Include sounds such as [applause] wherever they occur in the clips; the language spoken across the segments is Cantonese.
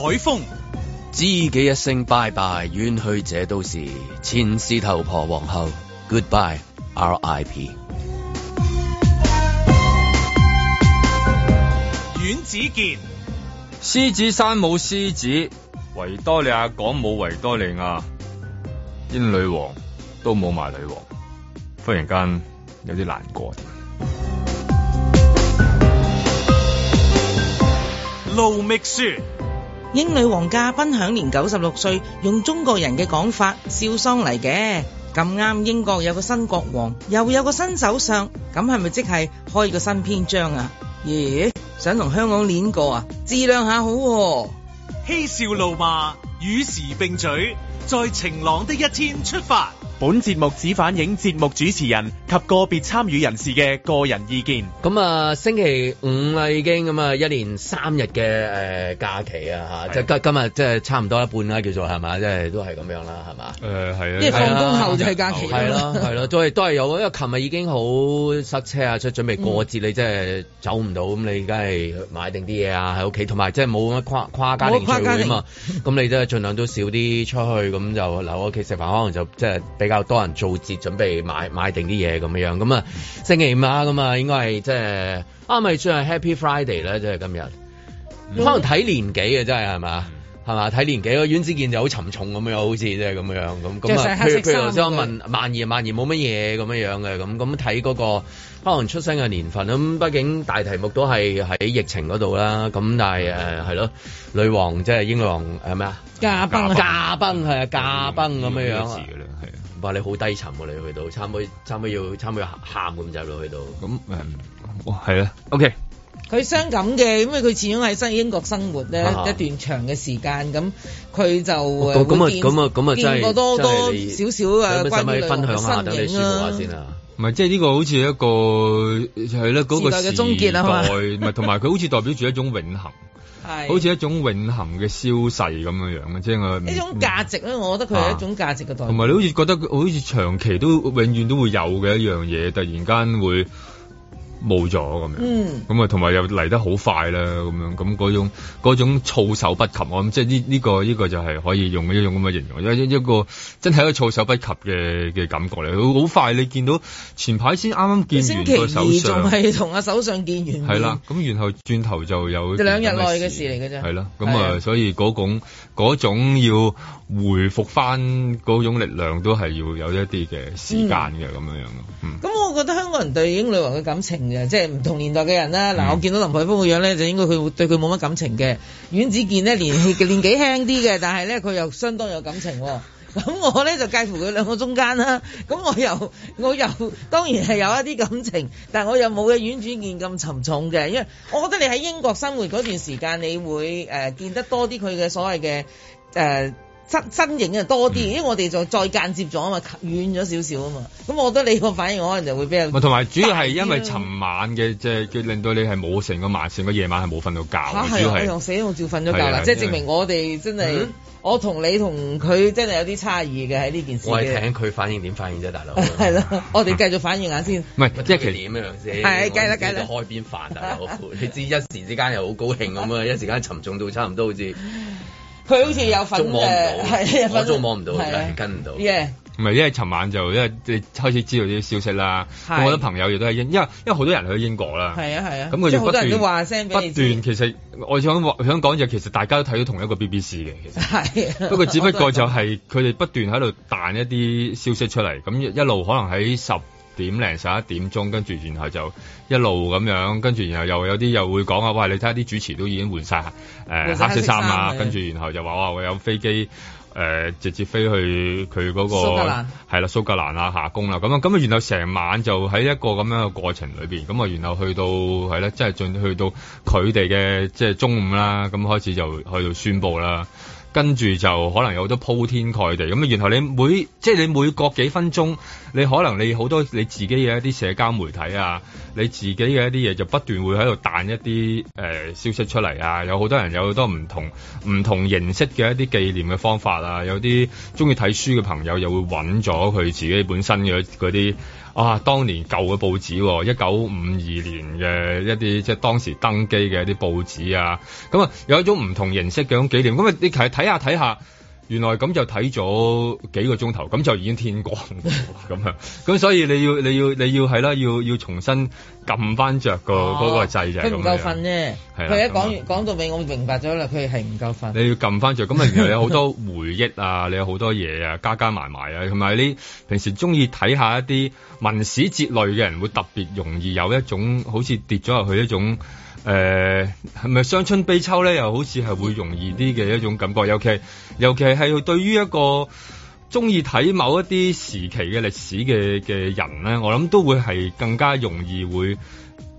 海風，知己一聲拜拜，遠去者都是前事頭婆皇后。Goodbye, R I P。阮子健，獅子山冇獅子，維多利亞港冇維多利亞，英女王都冇埋女王，忽然間有啲難過。盧覓雪英女王駕崩享年九十六歲，用中國人嘅講法，笑喪嚟嘅。咁啱英國有個新國王，又有個新首相，咁係咪即係開個新篇章啊？咦，想同香港練過啊？自量下好、啊，嬉笑怒罵與時並舉，在晴朗的一天出發。本節目只反映節目主持人及個別參與人士嘅個人意見。咁啊，星期五啦，已經咁啊，一連三日嘅誒假期啊，吓，即今今日即係差唔多一半啦，叫做係嘛，即係、就是、都係咁樣啦，係嘛。誒、呃，係啦，即係放工後就係假期咯，係咯，都係都係有，因為琴日已經好塞車啊，即係準備過節，嗯、你即係走唔到，咁你而家係買定啲嘢啊喺屋企，同埋即係冇乜跨跨家庭聚會啊嘛，咁 [laughs] 你都係盡量都少啲出去，咁就留屋企食飯，可能就即係。就是比較多人做節準備買買定啲嘢咁樣樣，咁啊星期五啊咁啊，應該係即係啊，咪算係 Happy Friday 咧，即係今日。可能睇年紀嘅真係係咪？係嘛睇年紀個阮子健就好沉重咁樣，好似即係咁樣咁咁問冇乜嘢咁樣樣嘅，咁咁睇嗰個可能出生嘅年份咁，畢竟大題目都係喺疫情嗰度啦。咁但係誒係咯，女王即係英皇，係係咩啊？駕崩，駕崩係啊，駕崩咁樣樣話你好低沉，你去到差唔多，差唔多要差唔多喊咁就咯，去到咁誒，係啊 OK。佢、嗯、傷、okay，感嘅，因為佢始終喺新英國生活咧、啊、一段長嘅時間，咁佢就誒見真見過多多，多少少啊，規律嘅身影啊。唔係、啊，即係呢個好似一個係咧、嗰個時代嘅終結啊嘛，唔係同埋佢好似代表住一種永恒。係，好似一種永恒嘅消逝咁樣樣嘅，即係我呢種價值咧，我覺得佢係一種價值嘅代。同、啊、埋你好似覺得好似長期都永遠都會有嘅一樣嘢，突然間會，冇咗咁樣，咁、嗯、啊，同埋又嚟得好快啦，咁樣，咁嗰種嗰種措手不及，我諗即係呢呢個呢、呢個就係可以用一種咁嘅形容，一個一個真係一個措手不及嘅嘅感覺嚟，好快你見到前排先啱啱見完個首相，仲係同阿首相見完，係啦，咁然後轉頭就有兩日內嘅事嚟嘅啫，係啦，咁啊、嗯，所以嗰種。嗰種要回復翻嗰種力量都係要有一啲嘅時間嘅咁、嗯、樣樣咯。咁、嗯、我覺得香港人對英女王嘅感情啊，即係唔同年代嘅人啦。嗱、嗯，我見到林海峰個樣咧，就應該佢對佢冇乜感情嘅。阮子健呢，年年紀輕啲嘅， [laughs] 但係咧佢又相當有感情、哦。咁 [laughs] 我呢就介乎佢兩個中間啦。咁我又我又當然係有一啲感情，但我又冇嘅遠轉見咁沉重嘅，因為我覺得你喺英國生活嗰段時間，你會誒、呃、見得多啲佢嘅所謂嘅誒、呃、身身影啊多啲，因為我哋就再間接咗啊嘛，遠咗少少啊嘛。咁我覺得你個反應可能就會比較同埋、啊、主要係因為尋晚嘅即係令到你係冇成個晚成個夜晚係冇瞓到覺嚇，係啊，啊我用死用照瞓咗覺啦，即係、啊啊就是、證明我哋真係。嗯我同你同佢真係有啲差異嘅喺呢件事。我係聽佢反應點反應啫、啊，大佬。 [laughs] 係咯，我哋繼續反應下先。唔係即係點樣先、啊？係，計啦計啦。開邊飯，大佬？ [laughs] 你知一時之間又好高興咁啊，一時間沉重到差唔多好似。佢 [laughs] 好似有份誒，我都望唔到， [laughs] 跟唔到。Yeah. 唔係，因為尋晚就因為你開始知道啲消息啦。咁我得朋友亦都喺英，因為因為好多人去英國啦。係啊係啊。咁佢、啊、就不斷不斷，其實我想想講就，其實大家都睇到同一個 BBC 嘅。係。不過只不過就係佢哋不斷喺度彈一啲消息出嚟，咁一路可能喺十點零十一點鐘，跟住然後就一路咁樣，跟住然後又有啲又會講啊，喂，你睇下啲主持都已經換晒誒黑色衫啊，跟住然後就話哇，我有飛機。誒、呃、直接飛去佢嗰、那個蘇格蘭係啦，蘇格蘭啊，夏宮啦，咁啊，咁啊，然後成晚就喺一個咁樣嘅過程裏邊，咁啊，然後去到係啦，即係進去到佢哋嘅即係中午啦，咁、嗯、開始就去到宣佈啦，跟、嗯、住就可能有好多鋪天蓋地，咁啊，然後你每即係、就是、你每隔幾分鐘，你可能你好多你自己嘅一啲社交媒體啊。你自己嘅一啲嘢就不斷會喺度彈一啲、呃、消息出嚟啊！有好多人有好多唔同唔同形式嘅一啲紀念嘅方法啊！有啲中意睇書嘅朋友又會揾咗佢自己本身嘅嗰啲啊，當年舊嘅報紙、啊，一九五二年嘅一啲即係當時登基嘅一啲報紙啊！咁啊有一種唔同形式嘅一種紀念，咁啊你係睇下睇下。原來咁就睇咗幾個鐘頭，咁就已經天光咁樣，咁 [laughs] 所以你要你要你要係啦，要要重新撳翻著個嗰、哦這個掣就佢唔夠瞓啫，佢一講完講到尾，我明白咗啦，佢係唔夠瞓。你要撳翻著，咁啊，原來有好多回憶啊， [laughs] 你有好多嘢啊，加加埋埋啊，同埋你平時中意睇下一啲文史哲類嘅人，會特別容易有一種好似跌咗入去一種。誒係咪傷春悲秋咧？又好似係會容易啲嘅一種感覺。尤其尤其係對於一個中意睇某一啲時期嘅歷史嘅嘅人咧，我諗都會係更加容易會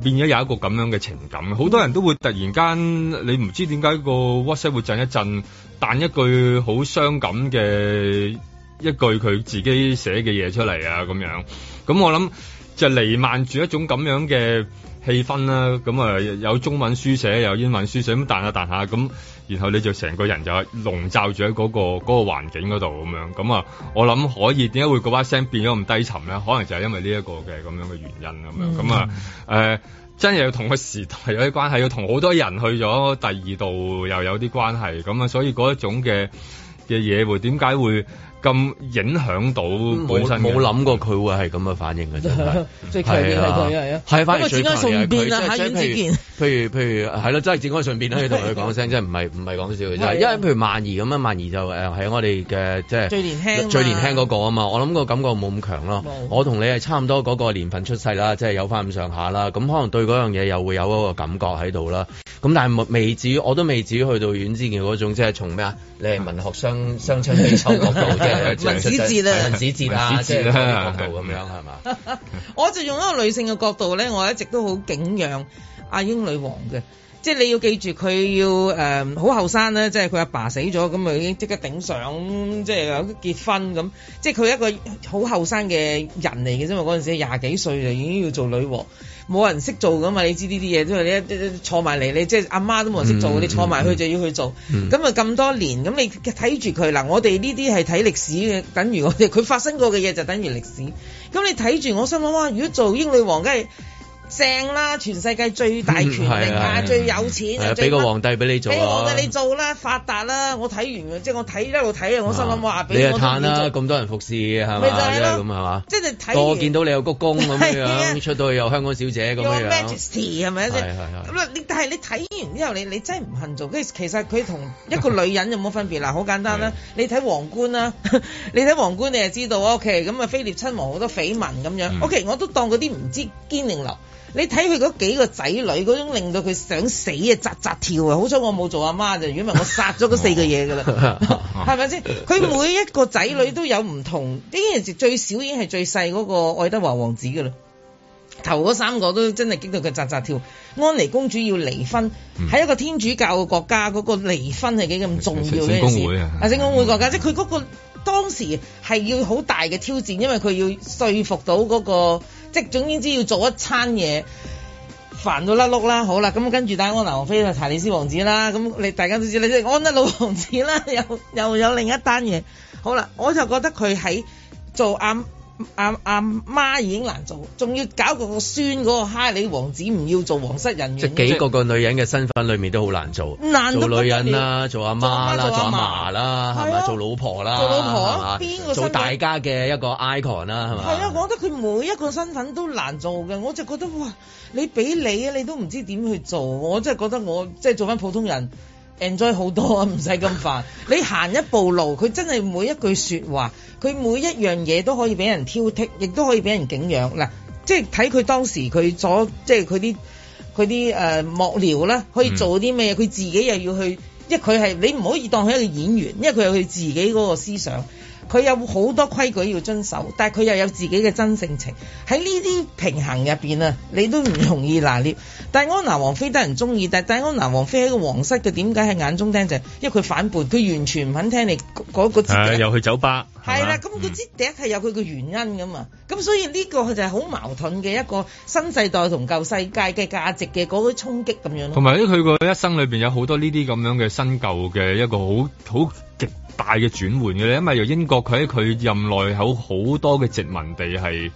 變咗有一個咁樣嘅情感。好多人都會突然間你唔知點解個 WhatsApp 會震一震，彈一句好傷感嘅一句佢自己寫嘅嘢出嚟啊咁樣。咁我諗就瀰漫住一種咁樣嘅。氣氛啦、啊，咁啊有中文書寫，有英文書寫，咁彈下彈下，咁然後你就成個人就係籠罩住喺嗰個環境嗰度咁樣，咁啊，我諗可以。點解會嗰把聲變咗咁低沉咧？可能就係因為呢一個嘅咁樣嘅原因咁樣。咁啊，誒、嗯呃、真係要同個時代有啲關係，要同好多人去咗第二度又有啲關係，咁啊，所以嗰一種嘅嘅嘢會點解會？咁影響到本身，冇諗過佢會係咁嘅反應嘅啫。即係強啲係佢，係啊。係、啊啊，反而最近嘅係佢，即係阮之健。譬如譬如係咯、啊，真係節哀順變啦，要同佢講聲，即係唔係唔係講笑嘅啫。 [laughs] 啊就是、因為譬如萬兒咁樣，萬兒就係、是、我哋嘅即係最年輕、最年輕嗰個啊嘛。我諗個感覺冇咁強咯。我同你係差唔多嗰個年份出世啦，即、就、係、是、有翻咁上下啦。咁可能對嗰樣嘢又會有一個感覺喺度啦。咁但係未至於，我都未至於去到阮之健嗰種，即、就、係、是、從咩啊？你係文學相親文子哲啦，文子哲啦 [noise] 文 [noise] 文， [noise] [noise] 即係角度咁樣係嘛？我就用一個女性嘅角度咧，我一直都好敬仰阿英女王嘅。即係你要記住要，佢要誒好後生咧，即係佢阿爸死咗，咁啊已經即刻頂上，即係有結婚咁。即係佢一個好後生嘅人嚟嘅啫嘛，嗰陣時廿幾歲就已經要做女王。冇人識做噶嘛，你知呢啲嘢，因為你一坐埋嚟，你即係阿媽都冇人識做、嗯嗯嗯，你坐埋去就要去做。咁啊咁多年，咁你睇住佢嗱，我哋呢啲係睇歷史嘅，等於我哋佢發生過嘅嘢就等於歷史。咁你睇住我心諗啊，如果做英女王梗係～正啦，全世界最大權力、嗯、啊，啊，最有錢是啊，俾個皇帝俾你做啊！俾、欸、我哋你做啦，發達啦！我睇完、啊、即係我睇一路睇啊，我心諗話俾你嘆、啊、做啦，咁多人服侍係咪就係、是、咯，嘛、就是？即係睇，我、就是、見到你有鞠躬咁樣，是啊、出到去有香港小姐咁樣。Your Majesty 係咪先？咁、啊啊啊、你但係你睇完之後，你你真係唔肯做，其實佢同一個女人有冇分別嗱？好 [laughs] 簡單啦、啊啊，你睇皇冠啦， [laughs] 你睇皇冠你就知道 OK，咁啊菲臘親王好多緋聞咁樣、嗯、OK，我都當嗰啲唔知堅定流。你睇佢嗰幾個仔女，嗰種令到佢想死啊，扎扎跳啊！好彩我冇做阿媽，就如果唔係我殺咗嗰四個嘢噶啦，係咪先？佢每一個仔女都有唔同，呢件事最少已經係最細嗰個愛德華王子噶啦，頭嗰三個都真係激到佢扎扎跳。安妮公主要離婚，喺、嗯、一個天主教嘅國家，嗰、那個離婚係幾咁重要嘅事。聖聖公會啊。啊，聖公會國家，嗯、即係佢嗰個當時係要好大嘅挑戰，因為佢要說服到嗰、那個。即總之，要做一餐嘢，煩到甩碌啦。好啦，咁跟住戴安娜王妃就查理斯王子啦。咁你大家都知啦，安德魯王子啦，又又有另一單嘢。好啦，我就覺得佢喺做啱。阿阿媽已經難做，仲要搞個個孫嗰個哈利王子唔要做皇室人員，即係幾個個女人嘅身份裏面都好難做，難做女人啦，做阿媽啦，做阿嫲啦，係咪、啊？做老婆啦，做老婆、啊啊個，做大家嘅一個 icon 啦，係咪？係啊，我覺、啊、得佢每一個身份都難做嘅，我就覺得哇，你俾你啊，你都唔知點去做，我真係覺得我即係做翻普通人。Enjoy 好多啊，唔使咁煩。你行一步路，佢真係每一句說話，佢每一樣嘢都可以俾人挑剔，亦都可以俾人景仰。嗱，即係睇佢當時佢所，即係佢啲佢啲誒幕僚啦，可以做啲咩？佢、嗯、自己又要去，因為佢係你唔可以當佢一個演員，因為佢有佢自己嗰個思想。佢有好多規矩要遵守，但係佢又有自己嘅真性情。喺呢啲平衡入面，啊，你都唔容易拿捏。但係戴安娜王妃得人中意，但係戴安娜王妃喺個皇室嘅點解係眼中釘就係、是、因為佢反叛，佢完全唔肯聽你嗰、那個。係、啊、又去酒吧。係啦，咁嗰第笛係有佢嘅原因㗎嘛。咁所以呢個就係好矛盾嘅一個新世代同舊世界嘅價值嘅嗰個衝擊咁樣。同埋佢個一生裏面有好多呢啲咁樣嘅新舊嘅一個好好。大嘅轉換嘅咧，因為由英國佢喺佢任內有好多嘅殖民地係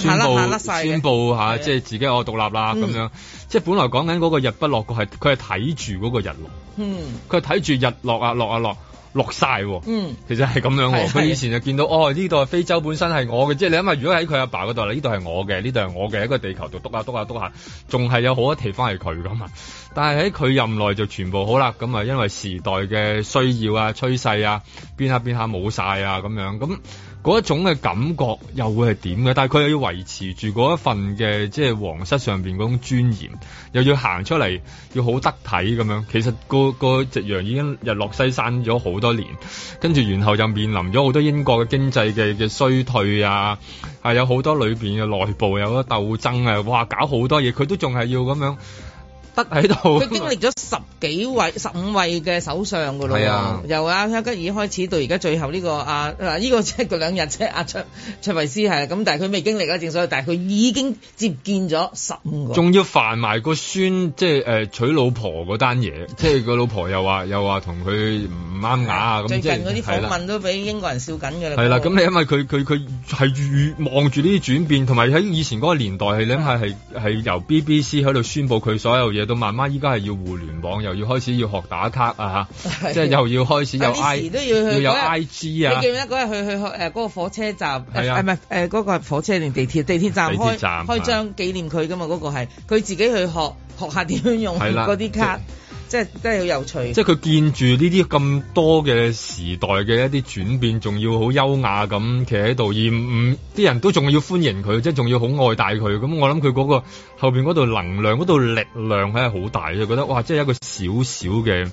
宣布，宣布下即係自己我獨立啦咁、嗯、樣。即係本來講緊嗰個日不落國，係佢係睇住嗰個日落，嗯，佢係睇住日落啊落啊落。落晒喎，其實係咁樣喎。佢、嗯、以前就見到，是是哦，呢度係非洲本身係我嘅，即係你諗下，如果喺佢阿爸嗰度，呢度係我嘅，呢度係我嘅，一個地球度篤下篤下篤下，仲係有好多地方係佢噶嘛。但係喺佢任內就全部好啦，咁啊因為時代嘅需要啊趨勢啊變下變下冇晒啊咁樣咁。嗰一種嘅感覺又會係點嘅？但係佢又要維持住嗰一份嘅即係皇室上邊嗰種尊嚴，又要行出嚟要好得體咁樣。其實、嗰個個夕陽已經日落西山咗好多年，跟住然後就面臨咗好多英國嘅經濟嘅嘅衰退啊，係有好多裏邊嘅內部有個鬥爭啊，哇！搞好多嘢，佢都仲係要咁樣。得喺度，佢經歷咗十幾位、十 [laughs] 五位嘅首相噶咯，係啊，由阿丘吉爾開始到而家最後呢，這個啊，嗱、這、呢個即係嗰兩日即係阿卓卓維斯係咁，但係佢未經歷啦，正所謂，但係佢已經接見咗十五個，仲要煩埋個孫，即係誒、呃、娶老婆嗰單嘢， [laughs] 即係個老婆又話又話同佢唔啱眼啊，咁即、就是，最近嗰啲訪問都俾英國人笑緊㗎啦，係啦、啊，咁、那個啊、你因為佢佢佢係預望住呢啲轉變，同埋喺以前嗰個年代係你係係係由 BBC 喺度宣佈佢所有嘢。到慢慢依家係要互聯網，又要開始要學打卡啊，吓，即係又要開始有 I 都要去要有 I G 啊！你記唔記得嗰日去去誒？嗰、呃嗰個火車站係啊，係咪誒？嗰、呃嗰個火車定地鐵，地鐵站開地鐵站開，開張紀念佢噶嘛？嗰、嗰個係佢自己去學學下點樣用嗰啲卡。即係真係好有趣。即係佢見住呢啲咁多嘅時代嘅一啲轉變，仲要好優雅咁企喺度，而唔啲人都仲要歡迎佢，即係仲要好愛戴佢。咁我諗佢嗰個後面嗰度能量、嗰度力量係好大，就覺得哇！即係一個小小嘅。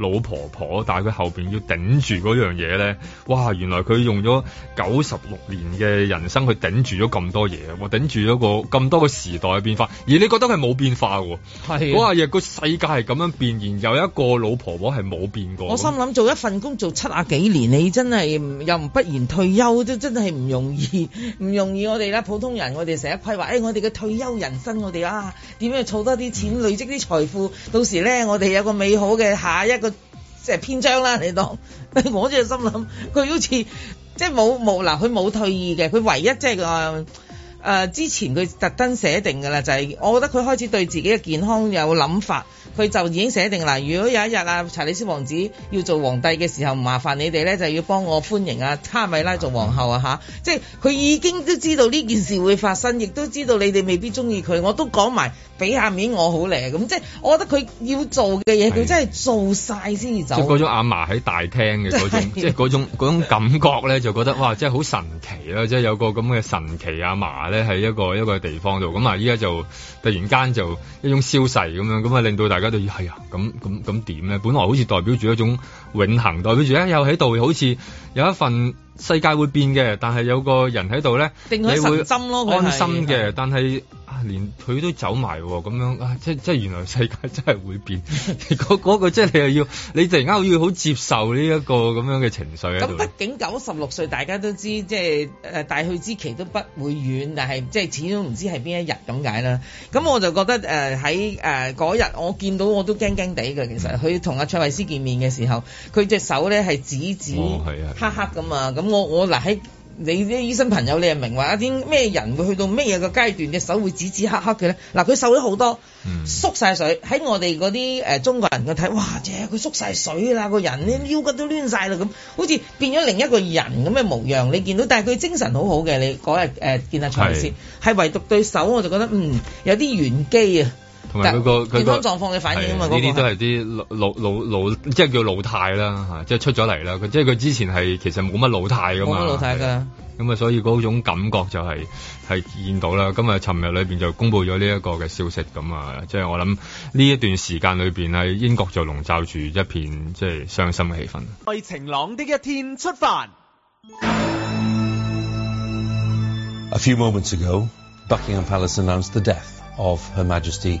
老婆婆，但係佢後邊要頂住嗰樣嘢咧，哇！原來佢用咗九十六年嘅人生去頂住咗咁多嘢，我頂住咗個咁多個時代嘅變化。而你覺得係冇變化嘅，嗰下嘢個世界係咁樣變，然有一個老婆婆係冇變過。我心諗做一份工做七啊幾年，你真係又唔不，不然退休都真係唔容易，唔容易我哋咧，普通人我哋成日規劃，誒、哎、我哋嘅退休人生，我哋啊怎樣儲點樣儲多啲錢，嗯、累積啲財富，到時咧我哋有個美好嘅下一個。即係篇章啦，你當我就心諗佢好似即係冇冇嗱，佢冇退役嘅，佢唯一即係個誒，之前佢特登寫定噶啦、就是，就係我覺得佢開始對自己嘅健康有諗法，佢就已經寫定啦。如果有一日啊，查理斯王子要做皇帝嘅時候，麻煩你哋咧就要幫我歡迎啊，卡米拉做皇后啊，吓，即係佢已經都知道呢件事會發生，亦都知道你哋未必中意佢，我都講埋。俾下面我好叻咁，即係我覺得佢要做嘅嘢，佢真係做晒先至走。即係嗰種阿嫲喺大廳嘅嗰種，即係嗰種感覺咧，就覺得哇，真係好神奇啦！即係有個咁嘅神奇阿嫲咧，喺一個一個地方度咁啊！依家就突然間就一種消逝咁樣，咁啊令到大家都係啊咁咁咁點咧？本來好似代表住一種永恆，代表住咧又喺度，好似有一份世界會變嘅，但係有個人喺度咧，定佢神咯，你會安心嘅，但係。連佢都走埋喎，咁樣啊，即即係原來世界真係會變，嗰 [laughs] 嗰、 [laughs] 嗰個即係你又要，你突然間要好接受呢、這、一個咁樣嘅情緒。咁畢竟九十六歲，大家都知，即係大去之期都不會遠，但係即係始終唔知係邊一日咁解啦。咁我就覺得誒喺誒嗰日我見到我都驚驚地嘅，其實佢同阿卓慧斯見面嘅時候，佢隻手咧係紫紫黑黑咁啊，咁、哦、我我嗱喺。你啲醫生朋友你又明話一啲咩人會去到咩嘅階段隻手會指指黑黑嘅咧？嗱、啊、佢瘦咗好多，嗯、縮晒水，喺我哋嗰啲中國人嘅睇，哇！啫、呃、佢縮晒水啦，個人啲腰骨都攣晒啦咁，好似變咗另一個人咁嘅模樣你見到，但係佢精神好好嘅，你嗰日誒見下場先，係唯獨對手我就覺得嗯有啲玄機啊。同埋佢個個健康狀況嘅反應啊嘛，呢啲都係啲老老老即係叫老態啦嚇，即係出咗嚟啦。佢即係佢之前係其實冇乜老態噶嘛，冇老態嘅。咁啊，所以嗰種感覺就係、係、係見到啦。咁日尋日裏邊就公布咗呢一個嘅消息咁啊，即係我諗呢一段時間裏邊喺英國就籠罩住一片即係傷心嘅氣氛。為晴朗的一天出發。A few moments ago, Buckingham Palace announced the death of Her Majesty.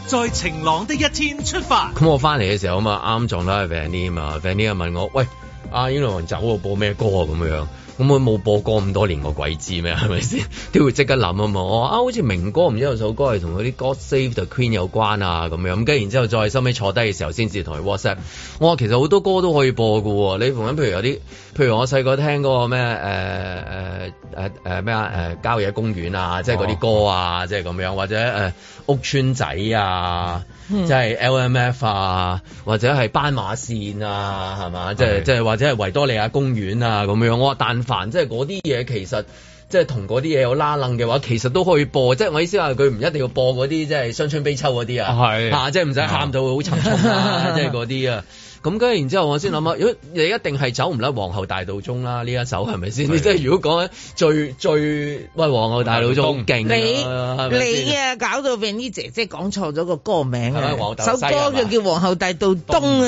在晴朗的一天出發。咁我翻嚟嘅時候啊嘛，啱啱撞到阿 Van 尼啊嘛，Van 尼啊問我，喂，阿英落雲走啊，走播咩歌啊咁樣？咁我冇播歌咁多年，個鬼知咩？係咪先？都會即刻諗啊嘛！我啊，好似明哥，唔知有首歌係同嗰啲 God Save the Queen 有關啊咁樣。咁跟住，然之後再收尾坐低嘅時候 WhatsApp，先至同佢 WhatsApp。我話其實好多歌都可以播㗎喎。你逢緊，譬如有啲，譬如我細個聽嗰個咩？誒誒誒誒咩啊？誒、呃呃呃呃呃、郊野公園啊，即係嗰啲歌啊，即係咁樣，或者、呃、屋村仔啊，即、嗯、係、就是、LMF 啊，或者係斑馬線啊，係嘛？即係即係或者係維多利亞公園啊咁樣。我話但。即係嗰啲嘢其實，即係同嗰啲嘢有拉楞嘅話，其實都可以播。即係我意思話，佢唔一定要播嗰啲即係傷春悲秋嗰啲啊，係吓、啊啊，即係唔使喊到會好沉重啦，即係嗰啲啊。 [laughs] 咁跟住，然之後我先諗下，如果你一定係走唔甩皇后大道中啦，呢一首係咪先？你即係如果講緊最最，喂皇后大道中勁你你啊，搞到 Vanny 姐姐講錯咗個歌名啊！皇后西啊！首歌叫《皇后大道東》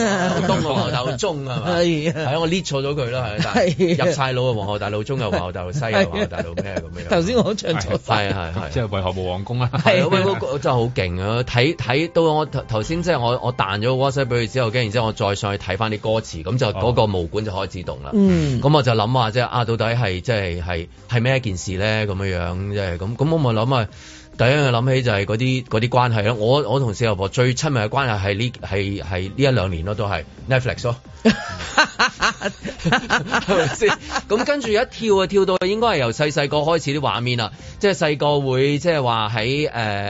啊！東啊，皇后大道中啊，係啊！係啊！我 list 錯咗佢啦，係入晒腦啊！皇后大道中又皇后大道，又大道西又皇后大道咩咁樣？頭先我唱錯係係係，即係為何冇皇宮啊？係啊，嗰個真係好勁啊！睇睇到我頭先即係我我彈咗個 WhatsApp 俾佢之後，跟住然之後我再。再去睇翻啲歌詞，咁就嗰個毛管就開始動啦。嗯，咁我就諗下，即係啊，到底係即係係係咩一件事咧？咁樣樣，即係咁。咁我咪諗埋。第一我諗起就係嗰啲嗰啲關係咯，我我同四阿婆最親密嘅關係係呢係係呢一兩年咯，都係 Netflix 咯，先、 [laughs] [laughs] [laughs] [laughs] 嗯？咁跟住一跳啊，跳到應該係由細細個開始啲畫面啦，即係細個會即係話喺誒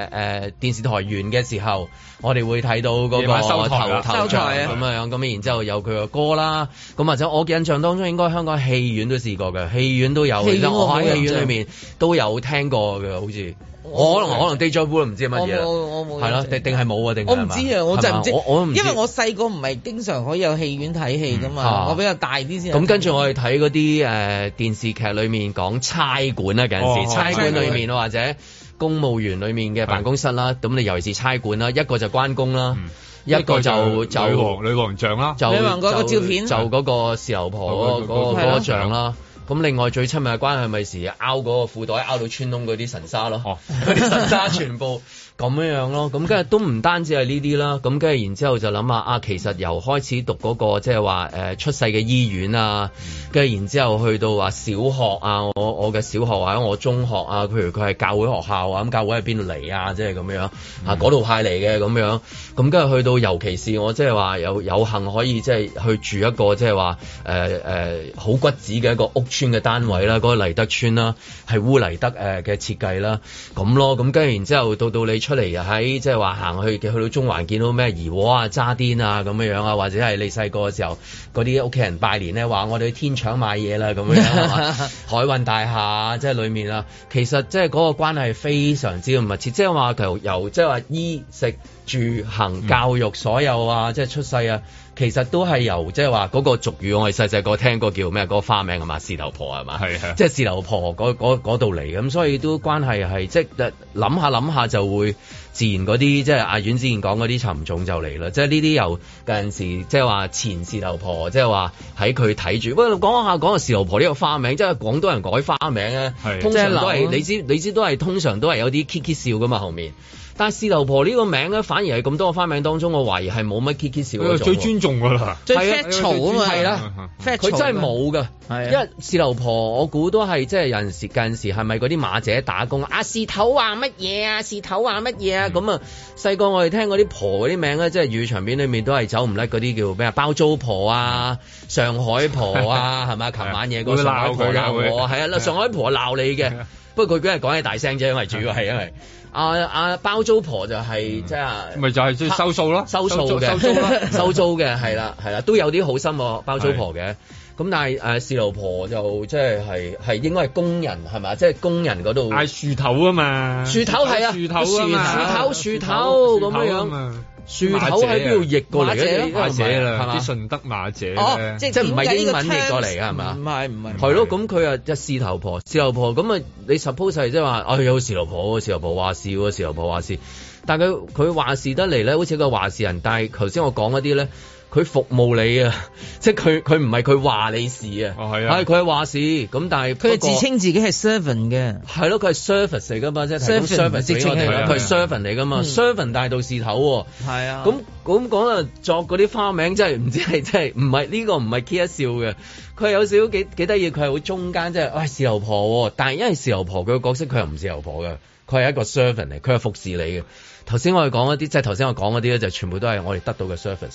誒電視台完嘅時候，我哋會睇到嗰個頭收頭像咁樣，咁然之後有佢嘅歌啦，咁或者我嘅印象當中，應該香港戲院都試過嘅，戲院都有，其實我喺戲院裏面都有聽過嘅，好似。我可能可能 Theatre 都唔知乜嘢，係咯？定定係冇啊？定、啊、我唔知啊！我真唔知，我，我唔知因為我細個唔係經常可以有戲院睇戲噶嘛，嗯，我比較大啲先、啊。咁跟住我去睇嗰啲誒電視劇裏面講差館啊，嗰、哦、陣時差館裏面或者公務員裏面嘅辦公室啦，咁你尤其是差館啦，一個就關公啦，嗯、一個就就女皇女皇像啦，就嗰、那個照片就嗰個事頭婆嗰、那個嗰、那個那個像啦。咁另外最親密嘅關係咪係拗嗰個褲袋拗到穿窿嗰啲神沙咯，哦，嗰啲神沙全部。 [laughs] 咁樣囉，咯，咁跟住都唔單止係呢啲啦，咁跟住然之後就諗下啊，其實由開始讀嗰個即係話誒出世嘅醫院啊，跟住然之後去到話小學啊，我我嘅小學啊，我中學啊，譬如佢係教會學校啊，咁教會喺邊度嚟啊，即係咁樣啊嗰度派嚟嘅咁樣，咁跟住去到尤其是我即係話有有幸可以即係去住一個即係話誒誒好骨子嘅一個屋邨嘅單位啦，嗰個勵德邨啦，係鄔勵德誒嘅設計啦，咁咯，咁跟住然之後到到你。出嚟喺即係話行去嘅去到中環見到咩怡和啊、渣甸啊咁樣樣啊，或者係你細個嘅時候嗰啲屋企人拜年咧話我哋去天祥買嘢啦咁樣、啊， [laughs] 海運大廈即係裡面啊，其實即係嗰個關係非常之密切，即係話由由即係話衣食住行教育所有啊，嗯、即係出世啊。其實都係由即係話嗰個俗語，我哋細細個聽過叫咩？嗰、那個花名係嘛？事頭婆係嘛？係係，即係事頭婆嗰度嚟咁，所以都關係係即係諗下諗下就會自然嗰啲即係阿遠之前講嗰啲沉重就嚟啦。即係呢啲由有陣時即係話前事、就是、頭婆，即係話喺佢睇住。不過講一下講個事頭婆呢個花名，即、就、係、是、廣東人改花名咧、啊，通常都係你知你知都係通常都係有啲 K i K i 笑㗎嘛後面。但係事頭婆呢個名咧，反而係咁多個花名當中，我懷疑係冇乜 Kiki 笑嘅。最尊重噶啦，最係 fetch 咁啊，係啦 fetch 佢真係冇噶，因為事頭婆，我估都係即係有陣時，有陣時係咪嗰啲馬姐打工啊？事頭話乜嘢啊？事頭話乜嘢啊？咁、嗯、啊，細個我哋聽嗰啲婆嗰啲名咧，即係粵語長片裏面都係走唔甩嗰啲叫咩啊？包租婆啊，嗯、上海婆啊，係咪琴晚嘢嗰個上海婆鬧佢，係 [laughs] 啊， [laughs] 啊，上海婆鬧你嘅。 [laughs] 不過佢梗係講嘢大聲啫，因為主要係因為阿阿、嗯啊、包租婆就係即係，咪、嗯、就係收收數咯，收數嘅收租，收租嘅係啦係啦，都有啲好心包租婆嘅。咁但係誒、啊，侍樓婆就即係係係應該係工人係咪？即係、就是、工人嗰度係樹頭啊嘛，樹頭係啊，樹頭啊嘛，樹頭樹頭咁樣。.書口喺邊度譯過嚟嘅？啲馬者啦，啲順德馬者、哦、即係唔係英文譯過嚟係嘛？唔係唔係。係咯，咁佢又又侍頭婆，侍頭婆咁啊！你 suppose 曬，即係話，唉，有侍頭婆，侍、哎、侍頭婆話事喎，侍頭婆話事。但係佢佢話事得嚟咧，好似個話事人。但係頭先我講嗰啲咧。佢服務你啊，即係佢佢唔係佢話你事、哦、啊，係佢話事咁，但係佢係自稱自己係 servant 嘅，係咯、啊，佢係 service 嚟噶嘛，即係 service 嚟佢係 servant 嚟噶嘛，servant 大到事頭，係、哦、啊，咁咁講啊，作嗰啲花名真係唔知係真係，唔係呢個唔係 K 一笑嘅，佢係有少少幾幾得意，佢係好中間，即係喂事頭婆，哎、Hoa，但係因為事頭婆佢個角色佢又唔事頭婆嘅，佢係一個 servant 嚟，佢係服侍你嘅。頭先我哋講一啲，即係頭先我講嗰啲咧，就是、全部都係我哋得到嘅 service。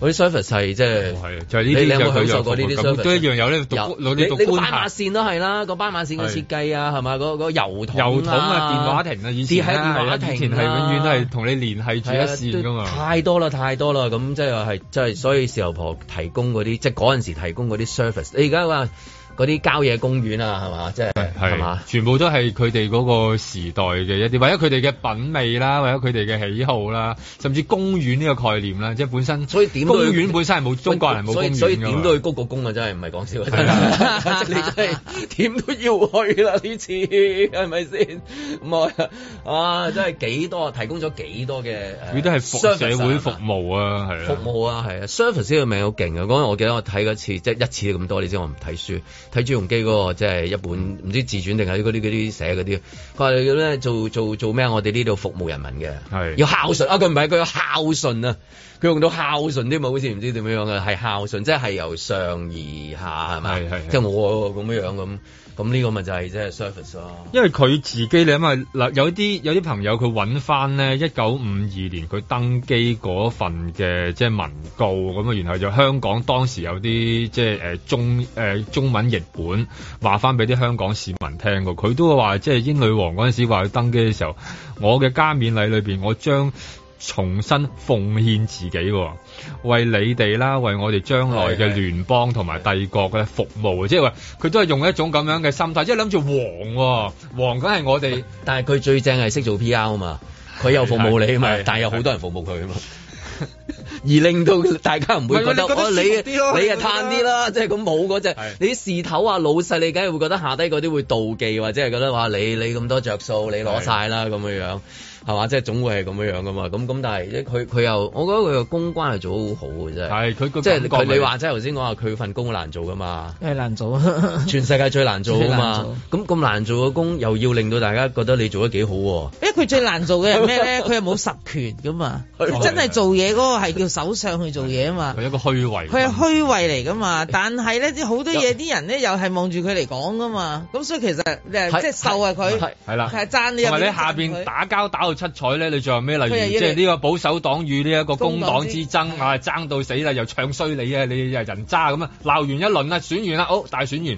嗰啲 service 係即係，就係、你你有冇享受過呢啲 service？、哦就是、些些 service? 都一樣有咧，有。你斑馬線都係啦，個斑馬線嘅設計啊，係咪？嗰嗰油、啊、油桶啊，電話亭啊，以前咧、啊啊，以前係永遠都係同你聯繫住一線噶嘛、啊。太多啦，太多啦，咁即係話係，即係所以，時候婆提供嗰啲，即係嗰陣時提供嗰啲 service 你。你而家話？嗰啲郊野公園啊，係嘛？即係係嘛？全部都係佢哋嗰個時代嘅一啲，或者佢哋嘅品味啦，或者佢哋嘅喜好啦，甚至公園呢個概念啦，即係本身。所以點去公園本身係冇中國人冇公園㗎。所以點都要去谷個工啊！真係唔係講笑。 [laughs] [laughs] [laughs] 你真係點都要去啦呢次，係咪先？唔 [laughs] 係啊！真係幾多提供咗幾多嘅？佢都係服社會服務啊，係服務啊，係 service 呢個名好勁啊。嗰，我記得我睇嗰次，即係一次咁多，你知我唔睇書。睇朱鎔基嗰個即係一本唔、嗯、知自傳定係啲嗰啲寫嗰啲。佢話咧做做做咩？我哋呢度服務人民嘅，係要孝順啊！佢唔係，佢要孝順啊！佢用到孝順啲嘛？好似唔知點樣樣嘅，係孝順即係由上而下係咪，即係、就是、我咁樣樣，咁，咁呢個咪就係即係 service 咯。因為佢自己你因為嗱有啲有啲朋友佢揾翻咧一九五二年佢登基嗰份嘅即係文告咁啊，然後就香港當時有啲即係誒中誒、呃、中文，文本話翻俾啲香港市民聽過，佢都會話，即係英女王嗰陣時話佢登基嘅時候，我嘅加冕禮裏邊，我將重新奉獻自己，為你哋啦，為我哋將來嘅聯邦同埋帝國嘅服務，是是是即係話佢都係用一種咁樣嘅心態，即係諗住王，啊，王梗係我哋，但係佢最正係識做 P R 啊嘛，佢又服務你啊嘛，是是是但係有好多人服務佢啊嘛。 [laughs] 而令到大家唔會覺得，哦，你你啊嘆啲啦，即係咁冇嗰隻，你啲、就是、事頭啊老細，你梗係會覺得下低嗰啲會妒忌，或者係覺得哇你你咁多着數，你攞晒啦咁樣樣。係嘛，即係總會係咁樣樣噶嘛，咁咁但係，佢佢又，我覺得佢嘅公關係做得好好嘅啫。係，佢即係你你話齋頭先講話佢份工係難做噶嘛？係、欸、難做啊！ [laughs] 全世界最難做噶嘛？咁咁難做嘅工又要令到大家覺得你做得幾好喎、啊？誒、欸，佢最難做嘅係咩咧？佢 [laughs] 又冇實權噶嘛？ [laughs] 真係做嘢嗰個係叫首相去做嘢啊嘛？佢 [laughs] 一個虛位。佢係虛位嚟噶嘛？ [laughs] 但係咧，啲好多嘢啲人咧又係望住佢嚟講噶嘛？咁所以其實即係、就是、受係佢係啦，係讚你又你下邊打交打，架打七彩咧，你仲有咩？例如 [music] 即係呢個保守黨與呢一個工黨之爭黨之啊，爭到死啦，又唱衰你啊，你又人渣咁啊，鬧完一輪啦，選完啦，好、哦、大選完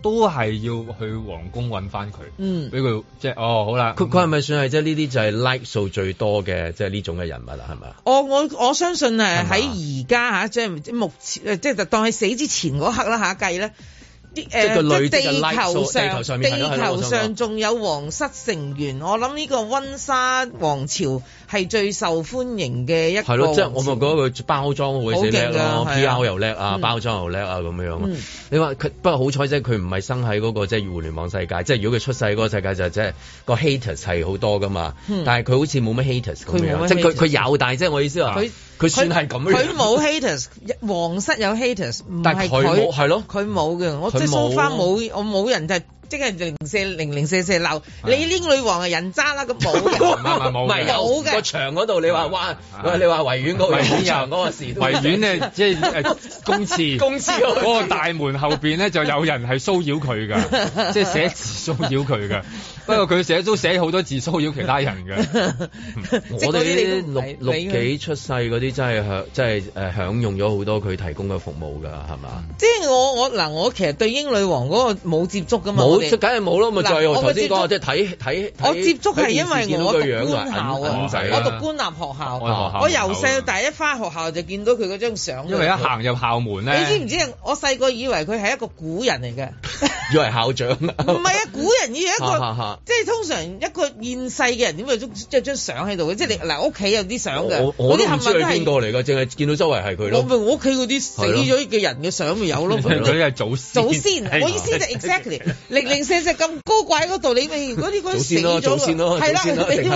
都係要去皇宮搵翻佢，嗯，俾佢即係哦，好啦，佢佢係咪算係即係呢啲就係 like 數最多嘅，即係呢種嘅人物啦係咪？我我我相信誒喺而家吓即係目前誒，即係就當係死之前嗰刻啦吓計咧。呃、即誒即係地，地球上，地球上仲、啊啊、有皇室成員，我諗呢個溫莎王朝係最受歡迎嘅一個。係咯、啊，即係我咪覺得佢包裝好叻咯，P.R. 又叻啊，啊啊嗯、包裝又叻啊咁樣。嗯、你話佢不過好彩啫，佢唔係生喺嗰個即係互聯網世界，即、就、係、是、如果佢出世嗰個世界就即、是、係個 haters 係好多噶嘛。嗯、但係佢好似冇乜 haters 咁樣，即係佢佢有，但係即係我意思話。佢算係咁樣，佢冇 haters，皇室有 haters，但係佢係咯，佢冇嘅，我即係 so far 冇，我冇人就係、是。即係零四零零四四樓，你英女王係人渣啦！咁冇嘅，唔係冇，有嘅。個牆嗰度你話哇，哇哇啊、你話維園嗰嗰個時維園咧，即係公廁，公廁嗰、嗰個大門後邊咧，就有人係騷擾佢㗎， [laughs] 即係寫字騷擾佢㗎。不過佢寫都寫好多字騷擾其他人㗎。 [laughs] [laughs] 我哋六六幾出世嗰啲真係即真係享用咗好多佢提供嘅服務㗎，係嘛？即係我我嗱，我其實對英女王嗰個冇接觸㗎嘛。咁説梗係冇咯，咪再我頭先講即係睇睇我接觸係因為我官校，樣官校、啊啊、我讀官立學、啊、學校，我由細到大一返學校就見到佢嗰張相。因為一行入校門咧，你知唔知我細個以為佢係一個古人嚟嘅，以為校長？唔係啊，古人以為一個，即、啊、係、就是、通常一個現世嘅人點會即係張相喺度嘅？即、啊、係、啊就是、你嗱，屋、啊、企、啊啊、有啲相嘅。嗰啲物品都係邊個嚟㗎？淨係見到周圍係佢。我我屋企嗰啲死咗嘅人嘅相咪有咯。佢係祖先。祖先，我意思就 exactly 零四隻咁高貴嗰度，如果你咪嗰啲嗰啲死咗。祖先係啦，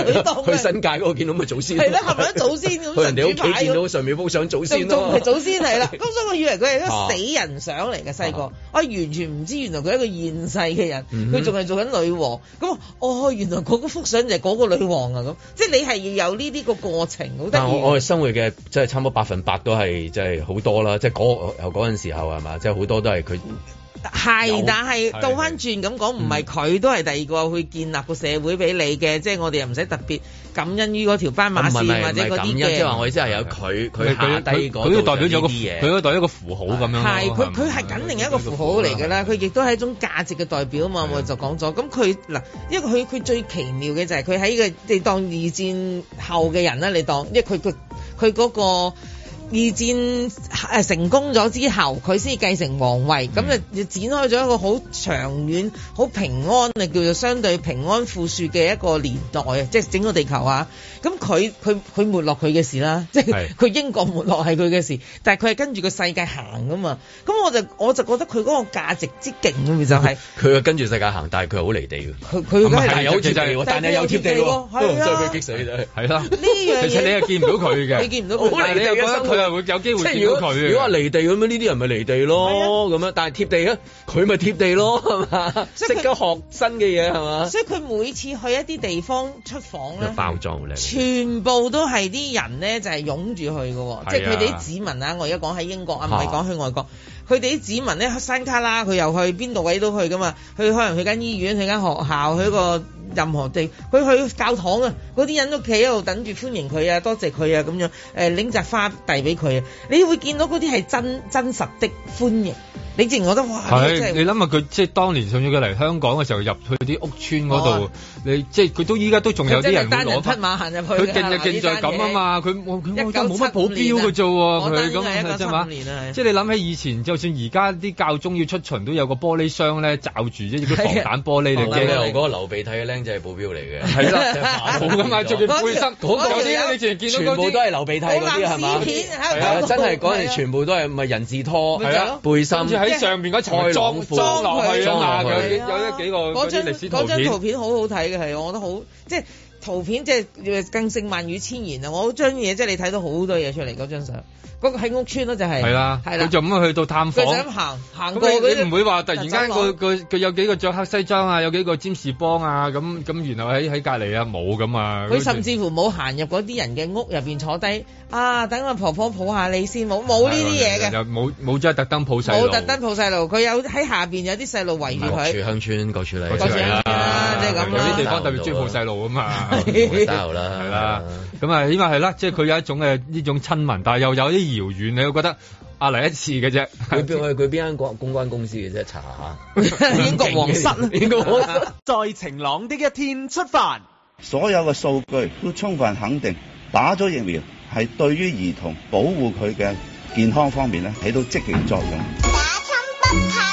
去當佢新界嗰個見到咪祖先？係啦，係咪祖先咁？你屋企見到上面幅相祖先咯？係祖先係啦，咁 [laughs] 所以我以為佢係一個死人相嚟嘅細個，我、啊啊啊、完全唔知原來佢係一個現世嘅人，佢仲係做緊女王。咁、嗯、哦，原來嗰幅相就係嗰個女王啊！咁即係你係要有呢啲個過程，好得意。但係我哋生活嘅即係差唔多百分百都係即係好多啦，即係嗰又陣時候係嘛，即係好多都係佢。啊啊啊啊啊係，但係倒翻轉咁講，唔係佢都係第二個去建立個社會俾你嘅，即、嗯、係、就是、我哋又唔使特別感恩於嗰條斑馬線或者嗰啲嘅。即係話我意思係有佢，佢佢第二個都佢都代表咗個、這個，佢都代，代表一個符號咁樣。係，佢佢係緊另一個符號嚟㗎啦，佢亦都係一種價值嘅代表啊嘛。我就講咗，咁佢嗱，因為佢佢最奇妙嘅就係佢喺個你當二戰後嘅人呢，你當，因為佢佢佢嗰個。二戰誒成功咗之後，佢先繼承王位，咁、嗯、就展開咗一個好長遠、好平安啊，叫做相對平安、富庶嘅一個年代啊，即係整個地球啊。咁佢佢佢沒落，佢嘅事啦，即係佢英國沒落係佢嘅事，但係佢係跟住個世界行噶嘛。咁我就我就覺得佢嗰個價值之勁就係佢係跟住世界行，但係佢好離地嘅。佢佢係有住地，但係有貼地喎，將佢激死就係啦。呢樣嘢你又見唔到佢嘅， [laughs] 你見唔到。我佢話會有機會見到佢。如果話離地咁樣，呢啲人咪離地咯，咁、啊、樣。但係貼地啊，佢咪貼地咯，係嘛？識 [laughs] 得學新嘅嘢係嘛？所以佢每次去一啲地方出訪咧，全部都係啲人咧就係、是、擁住佢嘅，即係佢哋啲子民啊。我而家講喺英國啊，唔係講喺外國。佢哋啲子民咧，山卡拉，佢又去邊度位都去㗎嘛，佢可能去間醫院、去間學校、去個個任何地，佢去教堂啊，嗰啲人都企喺度等住歡迎佢啊，多謝佢啊咁樣，誒拎紮花遞俾佢啊，你會見到嗰啲係真真實的歡迎。你自然覺得哇！係你諗下佢即係當年送咗佢嚟香港嘅時候入去啲屋邨嗰度，你即係佢都依家都仲有啲人攞佢勁就勁在咁啊嘛！佢冇乜保鏢嘅啫喎！佢咁啊，啊、那個、啊即係你諗起以前，就算而家啲教宗要出巡都有個玻璃箱咧罩住啫，防彈玻璃定機。我單、啊那個流鼻涕嘅僆仔係保鏢嚟嘅，係啦，冇咁啊！仲 [laughs] 要 [laughs] 背心嗰、那、啲、個那個、你仲見到全部都係流鼻涕嗰啲係嘛？係、那個、啊！真係嗰陣全部都係咪人字拖？係啊！背心。喺上邊嗰層裝裝落去，裝去啊！有有啲幾個嗰張嗰張圖片好好睇嘅，係我覺得好即係。圖片即係更勝萬語千言，那個就是、啊！我嗰張嘢即係你睇到好多嘢出嚟嗰張相，嗰個喺屋村咯，就係係啦，係啦。佢就咁去到探訪，佢就咁行行過。你唔會話突然間個個佢有幾個着黑西裝啊，有幾個占士邦啊，咁咁然後喺喺隔離啊冇咁啊。佢甚至乎冇行入嗰啲人嘅屋入邊坐低啊，等阿婆婆抱下你先，冇冇呢啲嘢嘅。冇冇即係特登抱細路，冇特登抱細路，佢有喺下邊有啲細路圍住佢。住鄉村個處理，處處啊啊就是啊、有啲地方特別中意抱細路啊嘛。 [laughs] 冇得遊啦，係 [laughs] 啦是吧，咁 [laughs] 啊，起碼係啦，即係佢有一種嘅呢種親民，但係又有啲遙遠，你會覺得啊嚟一次嘅啫，佢邊佢邊間公公關公司嘅、啊、啫，查下 [laughs] 英國皇王室啦， [laughs] 英國王室。 [laughs] [laughs] 在晴朗的一天出發。所有嘅數據都充分肯定，打咗疫苗係對於兒童保護佢嘅健康方面咧，起到積極作用。 [laughs] 打針不怕。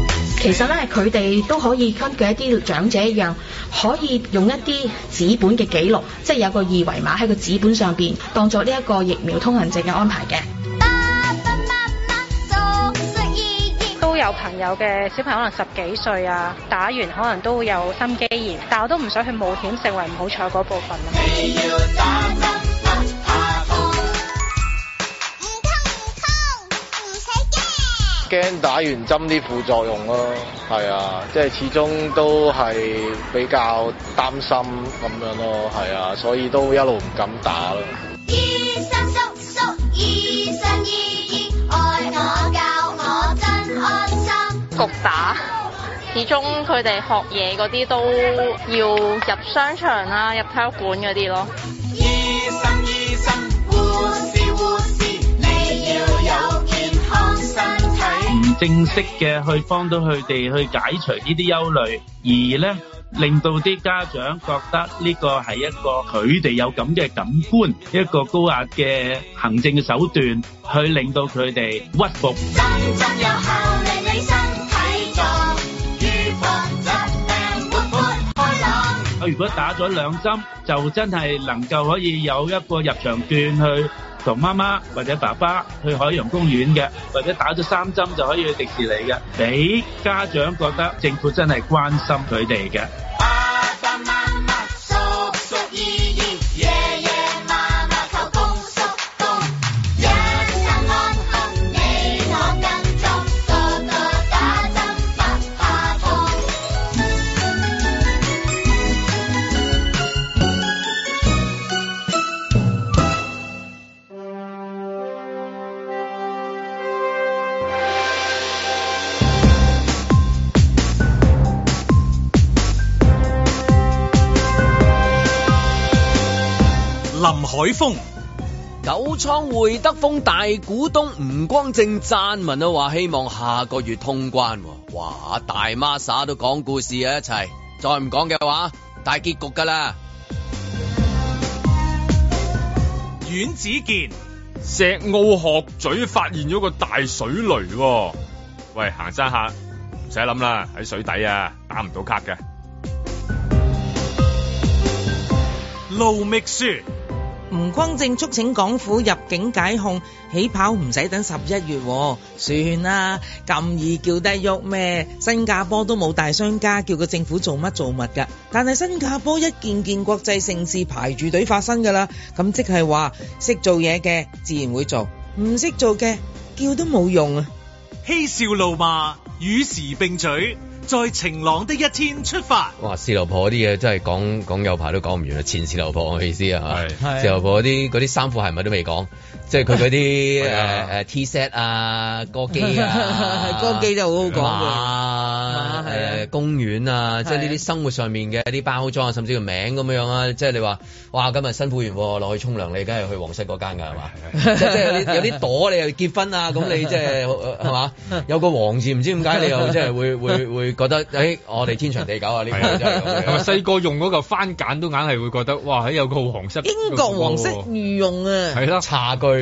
其實咧，佢哋都可以根據一啲長者一樣，可以用一啲紙本嘅記錄，即係有個二維碼喺個紙本上面，當作呢一個疫苗通行證嘅安排嘅。都有朋友嘅小朋友可能十幾歲啊，打完可能都會有心肌炎，但我都唔想去冒險成為唔好彩嗰部分啊。驚打完針啲副作用咯，係啊，即係始終都係比較擔心咁樣咯，係啊，所以都一路唔敢打咯。醫生叔叔，醫生姨姨，愛我教我真安心。焗打，始終佢哋學嘢嗰啲都要入商場啦，入體育館嗰啲咯。醫生。正式嘅去幫到佢哋去解除呢啲憂慮，而咧令到啲家長覺得呢個係一個佢哋有咁嘅感官，一個高壓嘅行政嘅手段去令到佢哋屈服。我如果打咗兩針，就真係能夠可以有一個入場券去。同媽媽或者爸爸去海洋公園嘅，或者打咗三針就可以去迪士尼嘅，俾家長覺得政府真係關心佢哋嘅。林海峰，九倉會德豐大股東吳光正撰文都話希望下個月通關啊。哇，大孖沙都講故事啊，一齊再唔講嘅話，大結局噶啦。阮子健，石澳鶴咀發現咗個大水雷哦。喂，行山客唔使諗啦，喺水底啊，打唔到卡嘅。盧覓雪吳光正促請港府入境解控，起跑唔使等十一月。算啦，咁易叫低喐咩？新加坡都冇大商家叫個政府做乜做乜噶。但係新加坡一件件國際盛事排住隊發生噶啦，咁即係話識做嘢嘅自然會做，唔識做嘅叫都冇用啊！嬉笑怒罵與時並舉。在晴朗的一天出發哇，四樓婆啲嘢真係講講有排都講唔完啊！前四樓婆嘅意思啊，係係四樓婆嗰啲嗰啲衫褲，係咪都未講？即係佢嗰啲 T-shirt 啊，歌機啊， [laughs] 歌機就好好講啊，啊，啊，啊，啊，啊，啊，啊，啊，公園啊，即係呢啲生活上面嘅一啲包裝啊，甚至個名咁樣啊，即、就、係、是、你話嘩，今日辛苦完落去沖涼，你梗係去皇室嗰間㗎係咪？ [laughs] [laughs] 即係有啲朵，你又結婚啊，咁你即係係咪？有個皇字唔知點解你又即係會會會覺得誒、哎、我哋天長地久啊呢、這個真係咪、啊？細 [laughs] 個用嗰嚿番梘都硬係會覺得嘩，有個皇室。」英國皇室御用啊，係啦茶具係、就是、啊，啊，啊，啊，啊，啊，